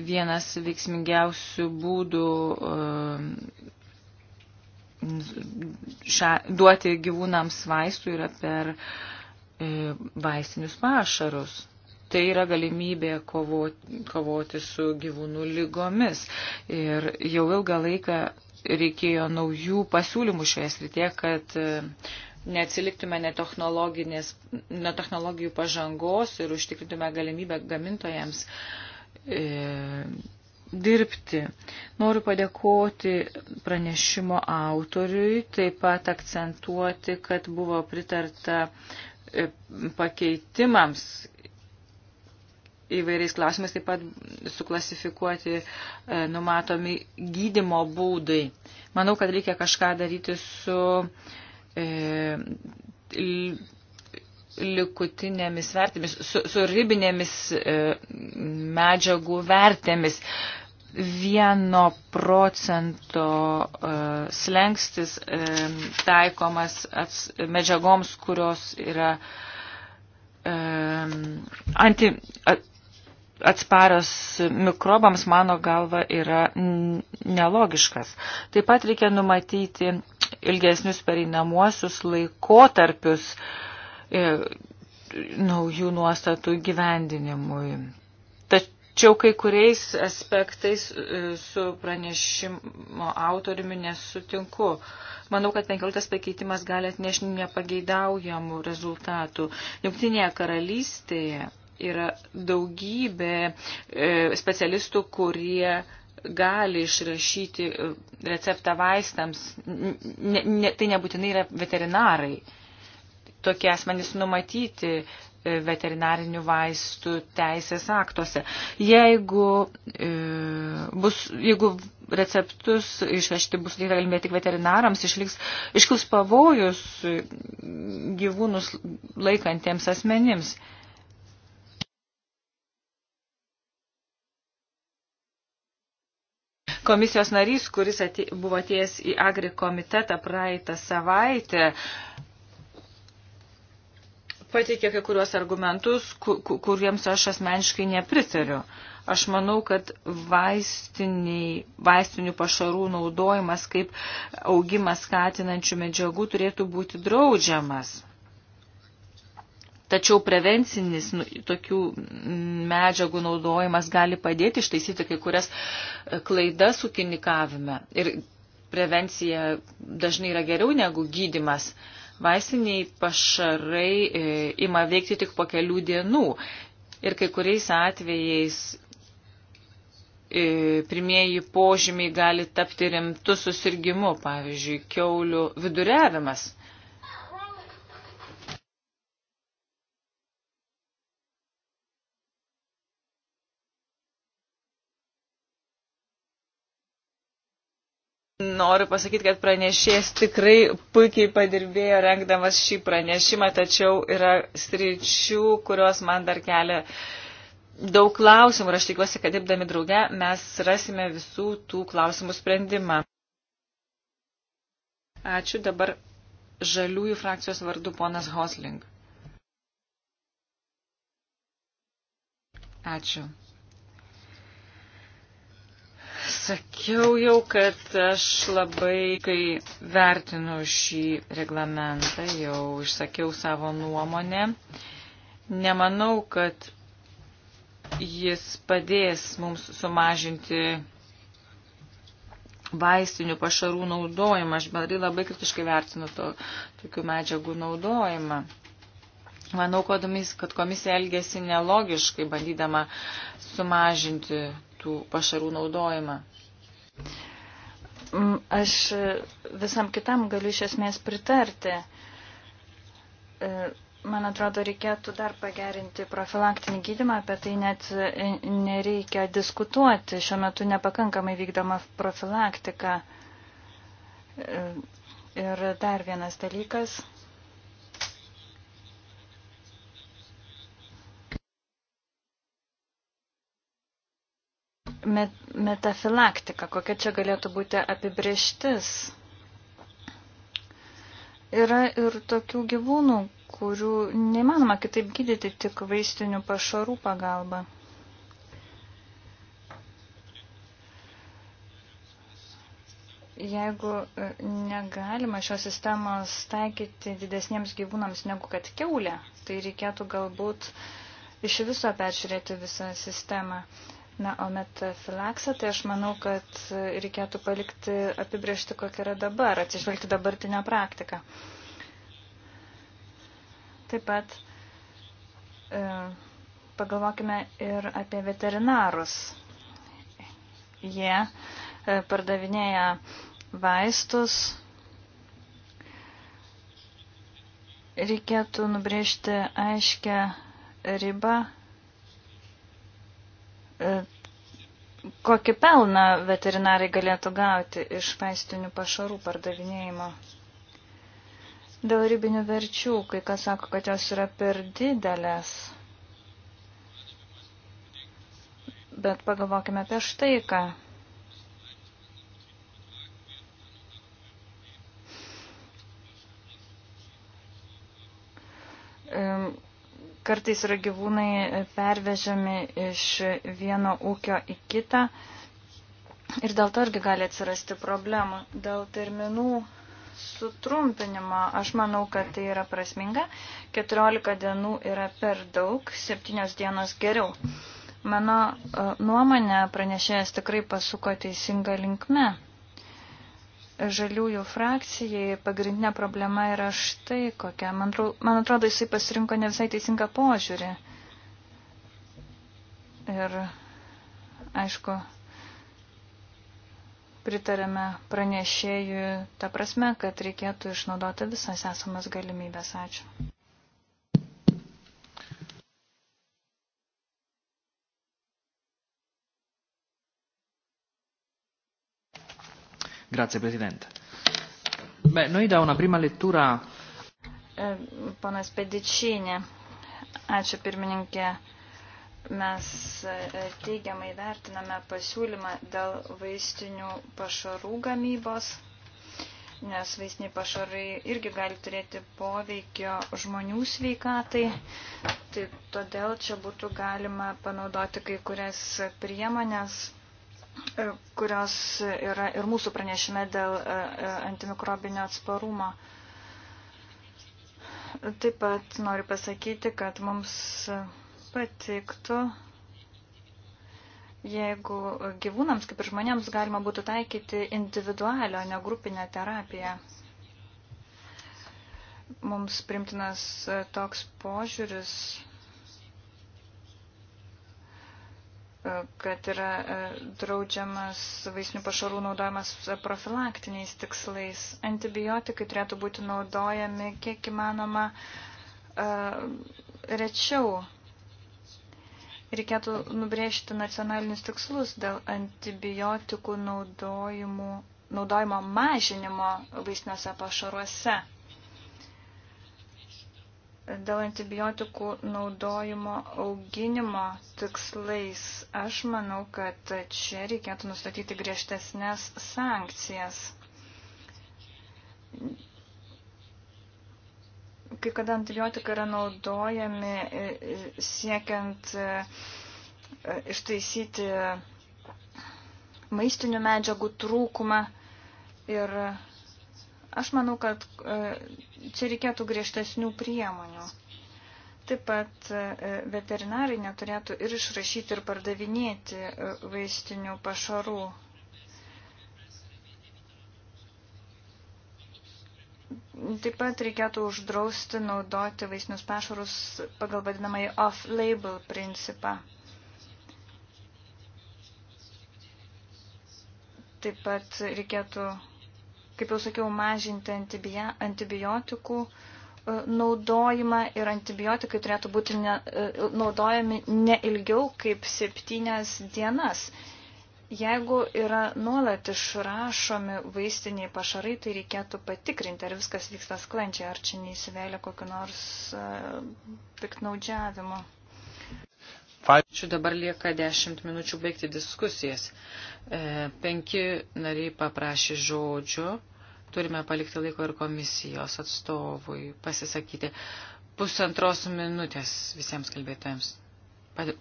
S1: Vienas veiksmingiausių būdų e, šia, duoti gyvūnams vaistų yra per uh, E, vaistinius pašarus. Tai yra galimybė kovoti, kovoti su gyvūnų lygomis. Ir jau ilgą laiką reikėjo naujų pasiūlymų šioje srityje, kad e, neatsiliktume nuo technologijų pažangos ir užtikrintume galimybę gamintojams e, dirbti. Noriu padėkoti pranešimo autoriui, taip pat akcentuoti, kad buvo pritarta E, pakeitimams įvairiais klausimais taip pat suklasifikuoti e, numatomi gydimo būdai. Manau, kad reikia kažką daryti su e, likutinėmis vertėmis, su, su ribinėmis medžiagų vertėmis vieno procento uh, slengstis um, taikomas ats, medžiagoms, kurios yra um, anti, at, atsparios mikrobams, mano galva, yra nelogiškas. Taip pat reikia numatyti ilgesnius pereinamuosius laikotarpius e, naujų nuostatų gyvendinimui. Tačiau Tačiau kai kuriais aspektais e, su pranešimo autoriumi nesutinku. Manau, kad 15 pakeitimas gali atnešti nepageidaujamų rezultatų. Jungtinėje karalystėje yra daugybė e, specialistų, kurie gali išrašyti e, receptą vaistams. Ne, ne, tai nebūtinai yra veterinarai. Tokie asmenys numatyti veterinarinių vaistų teisės aktuose. Jeigu, e, bus, jeigu receptus išvežti bus galimybė tik veterinarams, išliks, iškils pavojus gyvūnus laikantiems asmenims. Komisijos narys, kuris atė, buvo atėjęs į agri komitetą praeitą savaitę, pateikė kai kuriuos argumentus, kuriems aš asmeniškai nepritariu. Aš manau, kad vaistinių pašarų naudojimas kaip augimas skatinančių medžiagų turėtų būti draudžiamas. Tačiau prevencinis nu, tokių medžiagų naudojimas gali padėti ištaisyti kai kurias e, klaidas ūkininkavime. Ir prevencija dažnai yra geriau negu gydimas. Uh, Vaistiniai pašarai e, ima veikti tik po kelių dienų ir kai kuriais atvejais e, pirmieji požymiai gali tapti rimtu susirgymu, pavyzdžiui, keulių viduriavimas. Noriu pasakyti, kad pranešėjas tikrai puikiai padirbėjo rengdamas šį pranešimą, tačiau yra sričių, kurios man dar kelia daug klausimų ir aš tikiuosi, kad dirbdami drauge mes rasime visų tų klausimų sprendimą. Ačiū dabar žaliųjų frakcijos vardu ponas Hosling. Ačiū. Sakiau jau, kad aš labai, kai vertinu šį reglamentą, jau išsakiau savo nuomonę. Nemanau, kad jis padės mums sumažinti vaistinių pašarų naudojimą. Aš bendrai labai kritiškai vertinu to, tokių medžiagų naudojimą. Manau, kad komisija elgėsi nelogiškai, bandydama sumažinti tų pašarų naudojimą.
S2: Mm, aš visam kitam galiu iš esmės pritarti. E, man atrodo, reikėtų dar pagerinti profilaktinį gydimą, apie tai net e, nereikia diskutuoti. Šiuo metu nepakankamai vykdoma profilaktika. E, ir dar vienas dalykas metafilaktika, kokia čia galėtų būti apibrieštis. Yra ir tokių gyvūnų, kurių neįmanoma kitaip gydyti tik vaistinių pašarų pagalba. Jeigu e, negalima šios sistemos taikyti didesniems gyvūnams negu kad keulė, tai reikėtų galbūt iš viso peržiūrėti visą sistemą. Uh, Na, o metafilaksą, tai aš manau, kad reikėtų palikti apibriežti, kokia yra dabar, atsižvelgti dabartinę praktiką. Taip pat e, pagalvokime ir apie veterinarus. Jie e, pardavinėja vaistus. Reikėtų nubrėžti aiškę ribą E, kokį pelną veterinarai galėtų gauti iš vaistinių pašarų pardavinėjimo. Dėl ribinių verčių, kai kas sako, kad jos yra per didelės. Bet pagalvokime apie štai ką. Um, Kartais yra gyvūnai e, pervežiami iš vieno ūkio į kitą ir dėl to irgi gali atsirasti problemų. Dėl terminų sutrumpinimo aš manau, kad tai yra prasminga. 14 dienų yra per daug, 7 dienos geriau. Mano e, nuomonė pranešėjas tikrai pasuko teisinga linkme žaliųjų frakcijai pagrindinė problema yra štai kokia. Man, man atrodo, jisai pasirinko ne visai teisingą požiūrį. Ir, aišku, pritarėme pranešėjui tą prasme, kad reikėtų išnaudoti visas esamas galimybės. Ačiū. Grazie, Presidente.
S1: Beh, noi da una prima lettura.
S2: Panas Pedičinė, ačiū pirmininkė. Mes e, e, teigiamai vertiname pasiūlymą dėl vaistinių pašarų gamybos, nes vaistiniai pašarai irgi gali turėti poveikio žmonių sveikatai. Tai todėl čia būtų galima panaudoti kai kurias priemonės E, kurios yra ir mūsų pranešime dėl e, e, antimikrobinio atsparumo. Taip pat noriu pasakyti, kad mums patiktų, jeigu gyvūnams, kaip ir žmonėms, galima būtų taikyti individualią, ne grupinę terapiją. Mums primtinas toks požiūris kad yra e, draudžiamas vaisinių pašarų naudojimas e, profilaktiniais tikslais. Antibiotikai turėtų būti naudojami kiek įmanoma e, rečiau. Reikėtų nubrėžti nacionalinius tikslus dėl antibiotikų naudojimo mažinimo vaisiniuose pašaruose dėl antibiotikų naudojimo auginimo tikslais. Aš manau, kad čia reikėtų nustatyti griežtesnės sankcijas. Kai kada antibiotikai yra naudojami e, e, siekiant e, ištaisyti maistinių medžiagų trūkumą ir Aš manau, kad e, čia reikėtų griežtesnių priemonių. Taip pat e, veterinarai neturėtų ir išrašyti, ir pardavinėti e, vaistinių pašarų. Taip pat reikėtų uždrausti naudoti vaisinius pašarus pagal vadinamąjį off-label principą. Taip pat reikėtų kaip jau sakiau, mažinti antibiotikų e, naudojimą ir antibiotikai turėtų būti ne, e, naudojami ne ilgiau kaip septynias dienas. Jeigu yra nuolat išrašomi vaistiniai pašarai, tai reikėtų patikrinti, ar viskas vyksta sklandžiai, ar čia neįsivėlė kokiu nors uh, e, piknaudžiavimu.
S1: Ačiū dabar lieka 10 minučių baigti diskusijas. E, penki nariai paprašė žodžio. Turime palikti laiko ir komisijos atstovui pasisakyti. Pusantros minutės visiems kalbėtojams.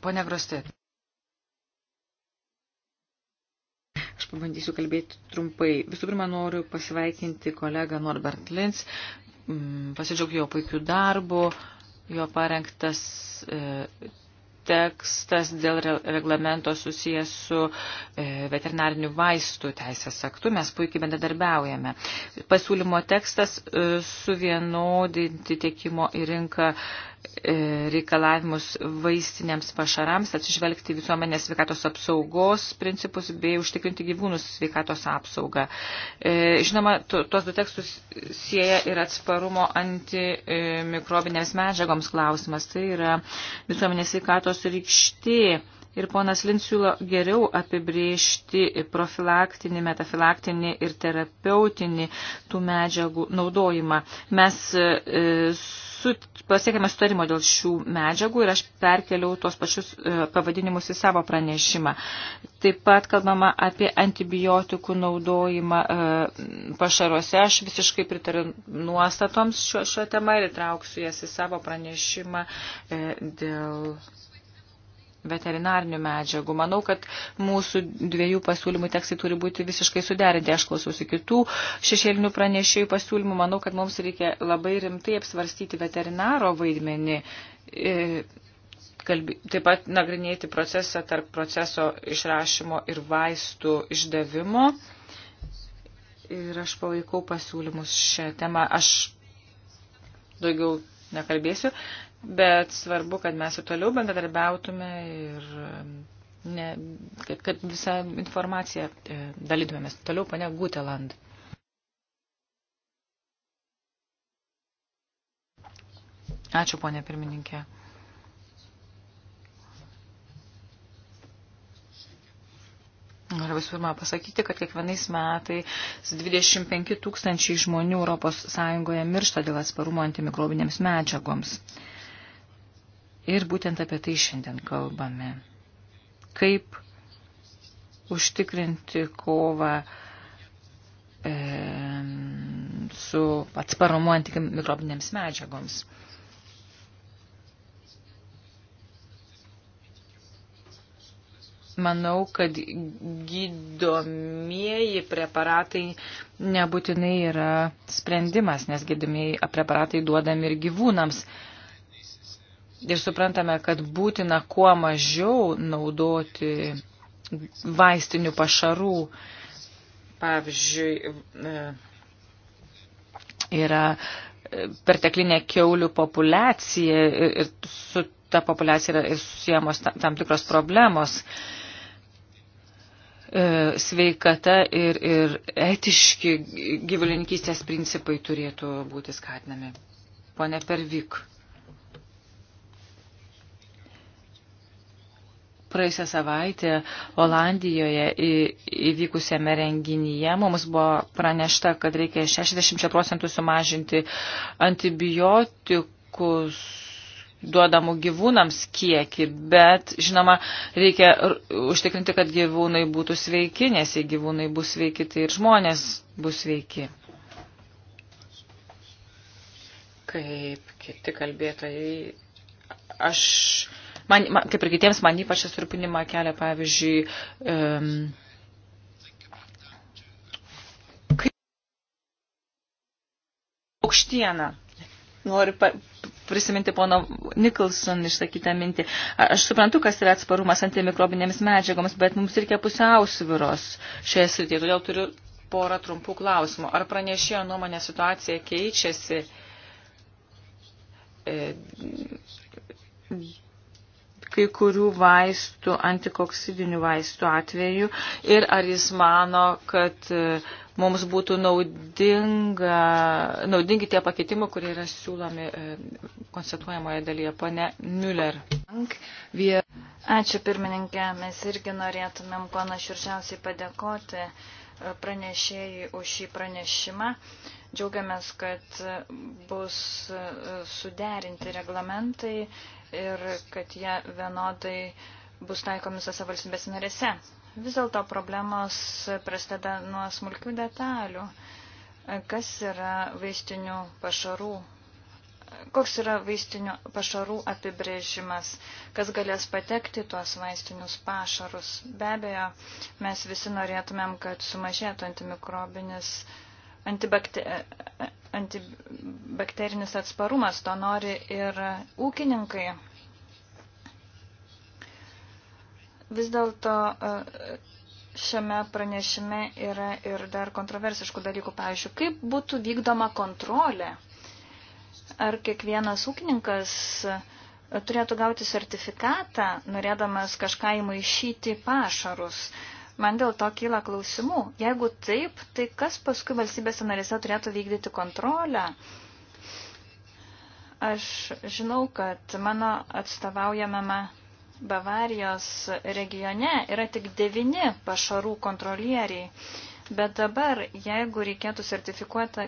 S1: Pone Grostet. Aš pabandysiu kalbėti trumpai. Visų pirma, noriu pasveikinti kolegą Norbert Lins, mm, pasidžiaugti jo puikiu darbu, jo parengtas e, tekstas dėl reglamento susijęs su e, veterinariniu vaistų teisės aktu. Mes puikiai bendradarbiaujame. Pasiūlymo tekstas e, suvienodinti tiekimo į rinką E, reikalavimus vaistiniams pašarams, atsižvelgti visuomenės sveikatos apsaugos principus bei užtikrinti gyvūnų sveikatos apsaugą. E, žinoma, tuos du tekstus sieja ir atsparumo antimikrobinėms medžiagoms klausimas. Tai yra visuomenės sveikatos rykštė. Ir ponas Linsiulo geriau apibriežti profilaktinį, metafilaktinį ir terapeutinį tų medžiagų naudojimą. Mes e, su, pasiekėme sutarimo dėl šių medžiagų ir aš perkeliau tuos pačius e, pavadinimus į savo pranešimą. Taip pat kalbama apie antibiotikų naudojimą e, pašaruose. Aš visiškai pritariu nuostatoms šio, šio tema ir įtrauksiu jas į savo pranešimą e, dėl veterinarinių medžiagų. Manau, kad mūsų dviejų pasiūlymų tekstai turi būti visiškai suderinti. Aš klausiausi kitų šešėlinių pranešėjų pasiūlymų. Manau, kad mums reikia labai rimtai apsvarstyti veterinaro vaidmenį. E, Kalbė, taip pat nagrinėti procesą tarp proceso išrašymo ir vaistų išdavimo. Ir aš palaikau pasiūlymus šią temą. Aš daugiau nekalbėsiu bet svarbu, kad mes ir toliau bendradarbiautume ir um, ne, kad, kad visą informaciją e, dalytumėmės toliau, pane Guteland. Ačiū, ponė pirmininkė. Noriu visų pirma pasakyti, kad kiekvienais metais 25 tūkstančiai žmonių Europos Sąjungoje miršta dėl atsparumo antimikrobinėms medžiagoms. Ir būtent apie tai šiandien kalbame. Kaip užtikrinti kovą e, su atsparumu antimikrobinėms medžiagoms. manau, kad gydomieji preparatai nebūtinai yra sprendimas, nes gydomieji preparatai duodami ir gyvūnams ir suprantame, kad būtina kuo mažiau naudoti vaistinių pašarų. Pavyzdžiui, e, yra e, perteklinė keulių populiacija ir su ta populiacija yra ir susijamos tam tikros problemos e, sveikata ir, ir etiški gyvulininkystės principai turėtų būti skatinami. Pone Pervik. Praėjusią savaitę Olandijoje įvykusiame renginyje mums buvo pranešta, kad reikia 60 procentų sumažinti antibiotikus duodamų gyvūnams kiekį, bet, žinoma, reikia užtikrinti, kad gyvūnai būtų sveiki, nes jei gyvūnai bus sveiki, tai ir žmonės bus sveiki. Kaip kiti kalbėtojai, aš man, man, kaip ir kitiems, man ypač susirūpinimą kelia, pavyzdžiui, um, aukštieną. Noriu pa, prisiminti pono Nicholson išsakytą mintį. Aš suprantu, kas yra atsparumas antimikrobinėms medžiagoms, bet mums reikia pusiausviros šioje srityje. Todėl turiu porą trumpų klausimų. Ar pranešėjo nuomonė situacija keičiasi? E, kai kurių vaistų, antikoksidinių vaistų atveju ir ar jis mano, kad e, mums būtų naudinga, naudingi tie pakeitimai, kurie yra siūlomi e, konstatuojamoje dalyje. Pane Müller.
S2: Ačiū pirmininkė, mes irgi norėtumėm kuo nuoširdžiausiai padėkoti e, pranešėjai už šį pranešimą. Džiaugiamės, kad bus suderinti reglamentai ir kad jie vienodai bus taikomi visose valstybės narėse. Vis dėlto problemos prasideda nuo smulkių detalių. Kas yra vaistinių pašarų? Koks yra vaistinių pašarų apibrėžimas? Kas galės patekti tuos vaistinius pašarus? Be abejo, mes visi norėtumėm, kad sumažėtų antimikrobinis uh, Antibakte, antibakterinis atsparumas, to nori ir ūkininkai. Vis dėlto e, šiame pranešime yra ir dar kontroversiškų dalykų. Pavyzdžiui, kaip būtų vykdoma kontrolė? Ar kiekvienas ūkininkas e, turėtų gauti sertifikatą, norėdamas kažką įmaišyti pašarus? Man dėl to kyla klausimų. Jeigu taip, tai kas paskui valstybėse narėse turėtų vykdyti kontrolę? Aš žinau, kad mano atstovaujamame Bavarijos regione yra tik devini pašarų kontrolieriai. Bet dabar, jeigu reikėtų sertifikuoti,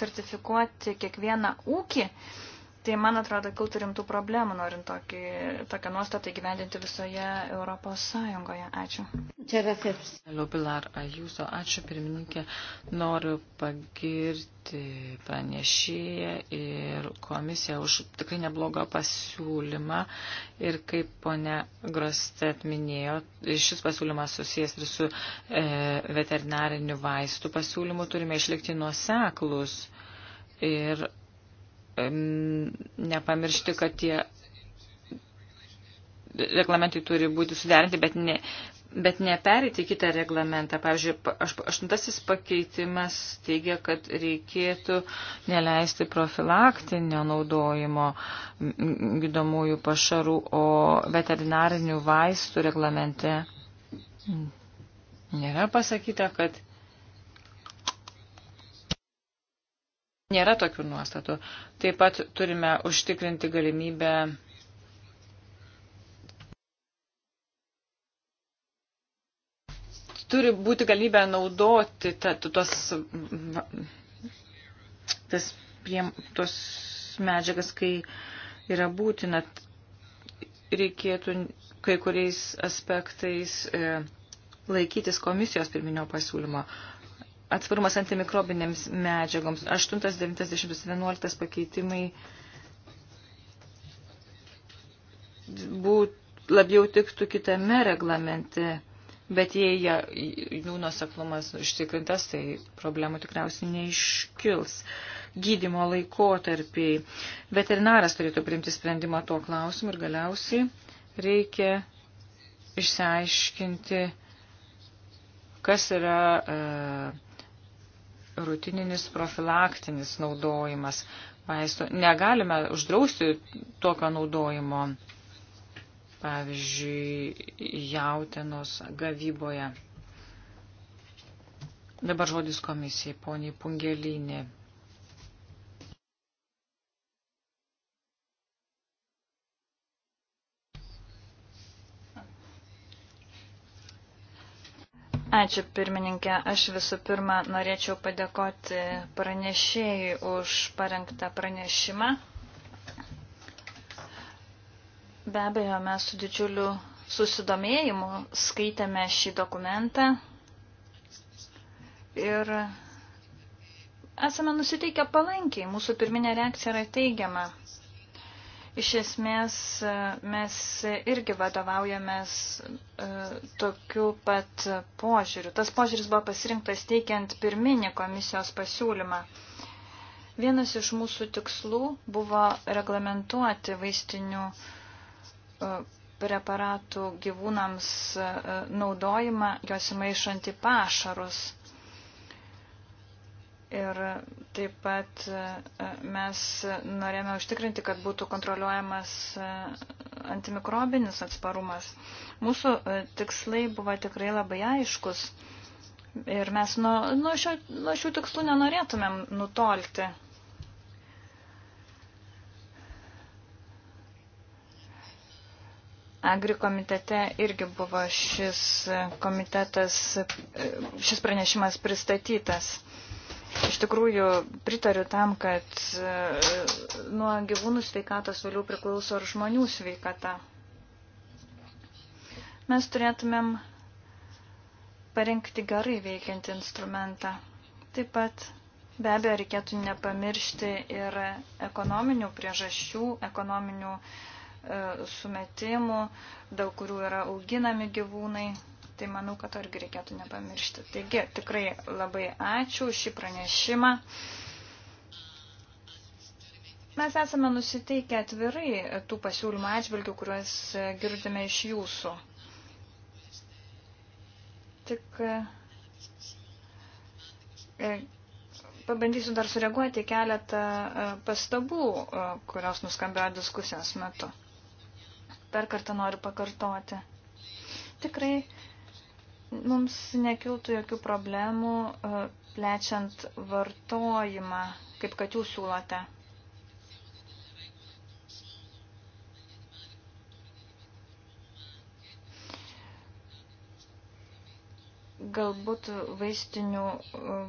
S2: sertifikuoti kiekvieną ūkį, Tai man atrodo, kiltų rimtų problemų, norint tokį, tokią nuostatą įgyvendinti visoje Europos Sąjungoje. Ačiū.
S1: Čia Rasės. Lobilar, jūsų ačiū pirmininkė. Noriu pagirti pranešėją ir komisiją už tikrai neblogą pasiūlymą. Ir kaip ponia Grostet minėjo, šis pasiūlymas susijęs ir su e, veterinariniu vaistu pasiūlymu. Turime išlikti nuoseklus. Ir nepamiršti, kad tie reglamentai turi būti suderinti, bet, ne, bet neperėti kitą reglamentą. Pavyzdžiui, aštuntasis pakeitimas teigia, kad reikėtų neleisti profilaktinio naudojimo gydomųjų pašarų, o veterinarinių vaistų reglamente nėra pasakyta, kad Nėra tokių nuostatų. Taip pat turime užtikrinti galimybę turi būti galimybė naudoti ta, tuos, tas prie, tuos medžiagas, kai yra būtina. Reikėtų kai kuriais aspektais e, laikytis komisijos pirminio pasiūlymo. E, atsparumas antimikrobinėms medžiagoms. 8, 9, 10, 11 pakeitimai būt labiau tiktų kitame reglamente, bet jei jų nuoseklumas užtikrintas, tai problemų tikriausiai neiškils. Gydimo laikotarpiai. Veterinaras turėtų priimti sprendimą tuo klausimu ir galiausiai reikia išsiaiškinti, kas yra e, rutininis profilaktinis naudojimas vaisto. Negalime uždrausti tokio naudojimo, pavyzdžiui, jautenos gavyboje. Dabar žodis komisijai, poniai Pungelinė.
S2: Ačiū pirmininkė. Aš visų pirma norėčiau padėkoti pranešėjai už parengtą pranešimą. Be abejo, mes su didžiuliu susidomėjimu skaitėme šį dokumentą ir esame nusiteikę palankiai. Mūsų pirminė reakcija yra teigiama. Iš esmės e, mes irgi vadovaujamės e, tokiu pat požiūriu. Tas požiūris buvo pasirinktas teikiant pirminį komisijos pasiūlymą. Vienas iš mūsų tikslų buvo reglamentuoti vaistinių e, preparatų gyvūnams naudojimą, juos įmaišant į pašarus. Ir taip pat e, mes norėjome užtikrinti, kad būtų kontroliuojamas e, antimikrobinis atsparumas. Mūsų e, tikslai buvo tikrai labai aiškus ir mes nuo, nuo, šio, nuo šių tikslų nenorėtumėm nutolti. Agri komitete irgi buvo šis komitetas, šis pranešimas pristatytas. Iš tikrųjų, pritariu tam, kad e, nuo gyvūnų sveikatos vėliau priklauso ir žmonių sveikata. Mes turėtumėm parengti gerai veikiantį instrumentą. Taip pat be abejo reikėtų nepamiršti ir ekonominių priežasčių, ekonominių e, sumetimų, dėl kurių yra auginami gyvūnai. Tai manau, kad to irgi reikėtų nepamiršti. Taigi, tikrai labai ačiū už šį pranešimą. Mes esame nusiteikę atvirai tų pasiūlymų atžvilgių, kuriuos girdime iš jūsų. Tik e, pabandysiu dar sureaguoti keletą e, pastabų, e, kurios nuskambėjo diskusijos metu. Dar kartą noriu pakartoti. Tikrai mums nekiltų jokių problemų e, plečiant vartojimą, kaip kad jūs siūlote. Galbūt vaistinių e,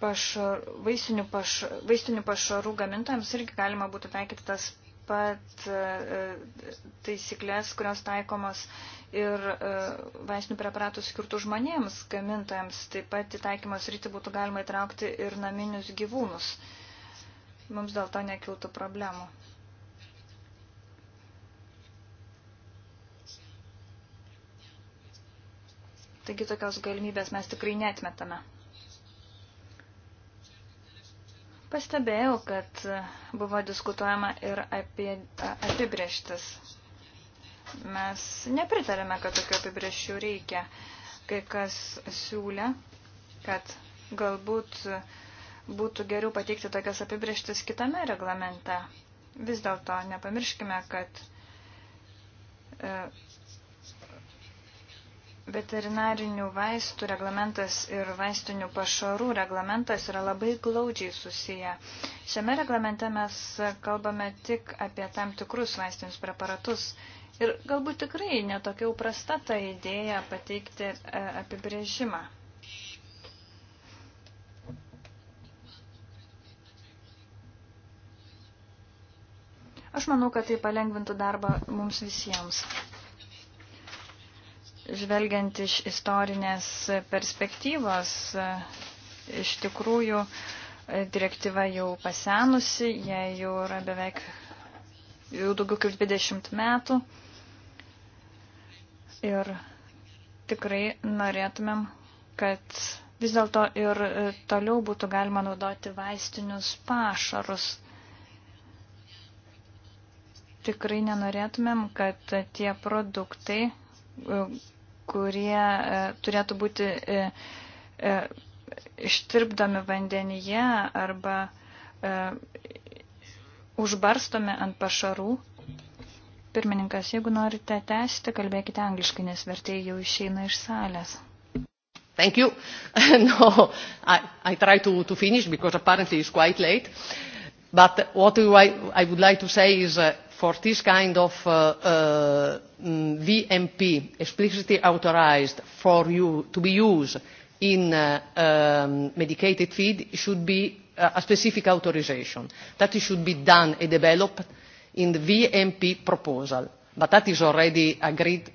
S2: pašar, vaistinių, pašar, vaistinių pašarų gamintojams irgi galima būtų taikyti tas pat e, taisyklės, kurios taikomos ir e, vaistinių preparatų skirtų žmonėms, gamintojams. Taip pat į taikymos rytį būtų galima įtraukti ir naminius gyvūnus. Mums dėl to nekiltų problemų. Taigi tokios galimybės mes tikrai netmetame. Pastebėjau, kad buvo diskutuojama ir apie apibrieštis Mes nepritarėme, kad tokio apibrėžčių reikia. Kai kas siūlė, kad galbūt būtų geriau pateikti tokias apibrėžtis kitame reglamente. Vis dėlto nepamirškime, kad e, veterinarinių vaistų reglamentas ir vaistinių pašarų reglamentas yra labai glaudžiai susiję. Šiame reglamente mes kalbame tik apie tam tikrus vaistinius preparatus Ir galbūt tikrai netokia prasta ta idėja pateikti e, apibrėžimą. Aš manau, kad tai palengvintų darbą mums visiems. Žvelgiant iš istorinės perspektyvos, e, iš tikrųjų e, direktyva jau pasenusi, jie jau yra beveik jau daugiau kaip 20 metų. Ir tikrai norėtumėm, kad vis dėlto ir e, toliau būtų galima naudoti vaistinius pašarus. Tikrai nenorėtumėm, kad tie produktai, e, kurie e, turėtų būti ištirpdami vandenyje arba užbarstomi ant pašarų, Pirmininkas, jeigu norite tęsti, kalbėkite angliškai, nes vertėjai jau išeina iš salės.
S3: Thank you. no, I, I try to, to finish because apparently it's quite late. But what I, I would like to say is uh, for this kind of uh, uh, mm, VMP explicitly authorized for you to be used in uh, um, medicated feed should be uh, a specific authorization. That it should be done and developed in the VMP proposal, but that is already agreed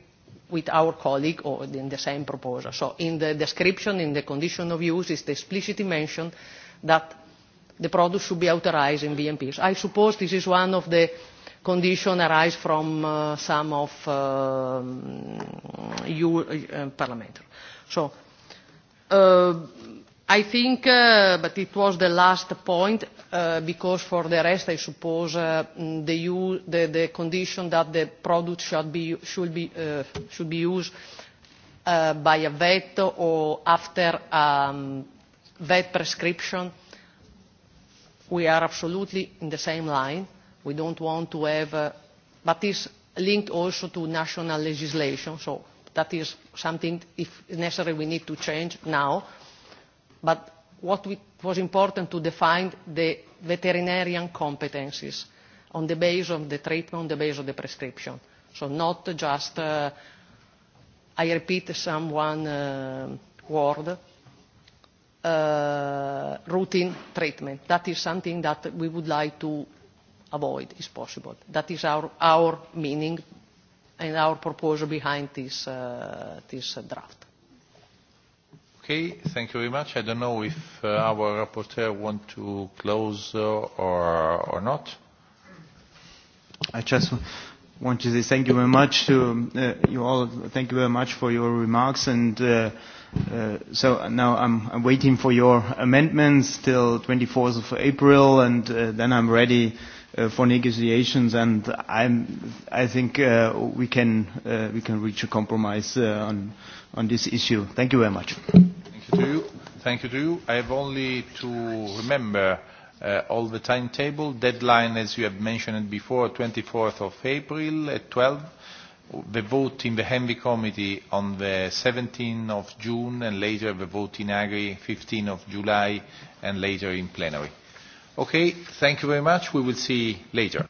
S3: with our colleague or in the same proposal. So in the description, in the condition of use, it's explicitly mentioned that the product should be authorized in VMPs. I suppose this is one of the conditions arise from uh, some of uh, um, EU uh, parliamentary. So uh, I think, uh, but it was the last point, uh, because for the rest, I suppose, uh, the, use, the, the condition that the product should be, should be, uh, should be used uh, by a vet or after um, vet prescription, we are absolutely in the same line. We don't want to have, uh, but it's linked also to national legislation, so that is something, if necessary, we need to change now but what we, was important to define the veterinarian competencies on the basis of the treatment, on the basis of the prescription. So not just, uh, I repeat some one uh, word, uh, routine treatment. That is something that we would like to avoid, if possible. That is our, our meaning and our proposal behind this, uh, this draft.
S2: Okay, thank you very much. I don't know if uh, our rapporteur want to close uh,
S4: or, or not.
S2: I just want to say thank you very much to uh, you all. Thank you very much for your remarks. And uh, uh, so now I'm, I'm waiting for your amendments till 24th of April, and uh, then I'm ready uh, for negotiations. And I'm, I think uh, we can uh, we can reach a compromise uh, on on this issue. Thank you very much thank you to you. I have only to remember uh, all the
S1: timetable. Deadline, as you have mentioned before, 24th of April at 12. The vote in the Henry Committee on the 17th of June and later
S2: the vote in Agri 15th of July and later in plenary. Okay, thank you very much. We will see later.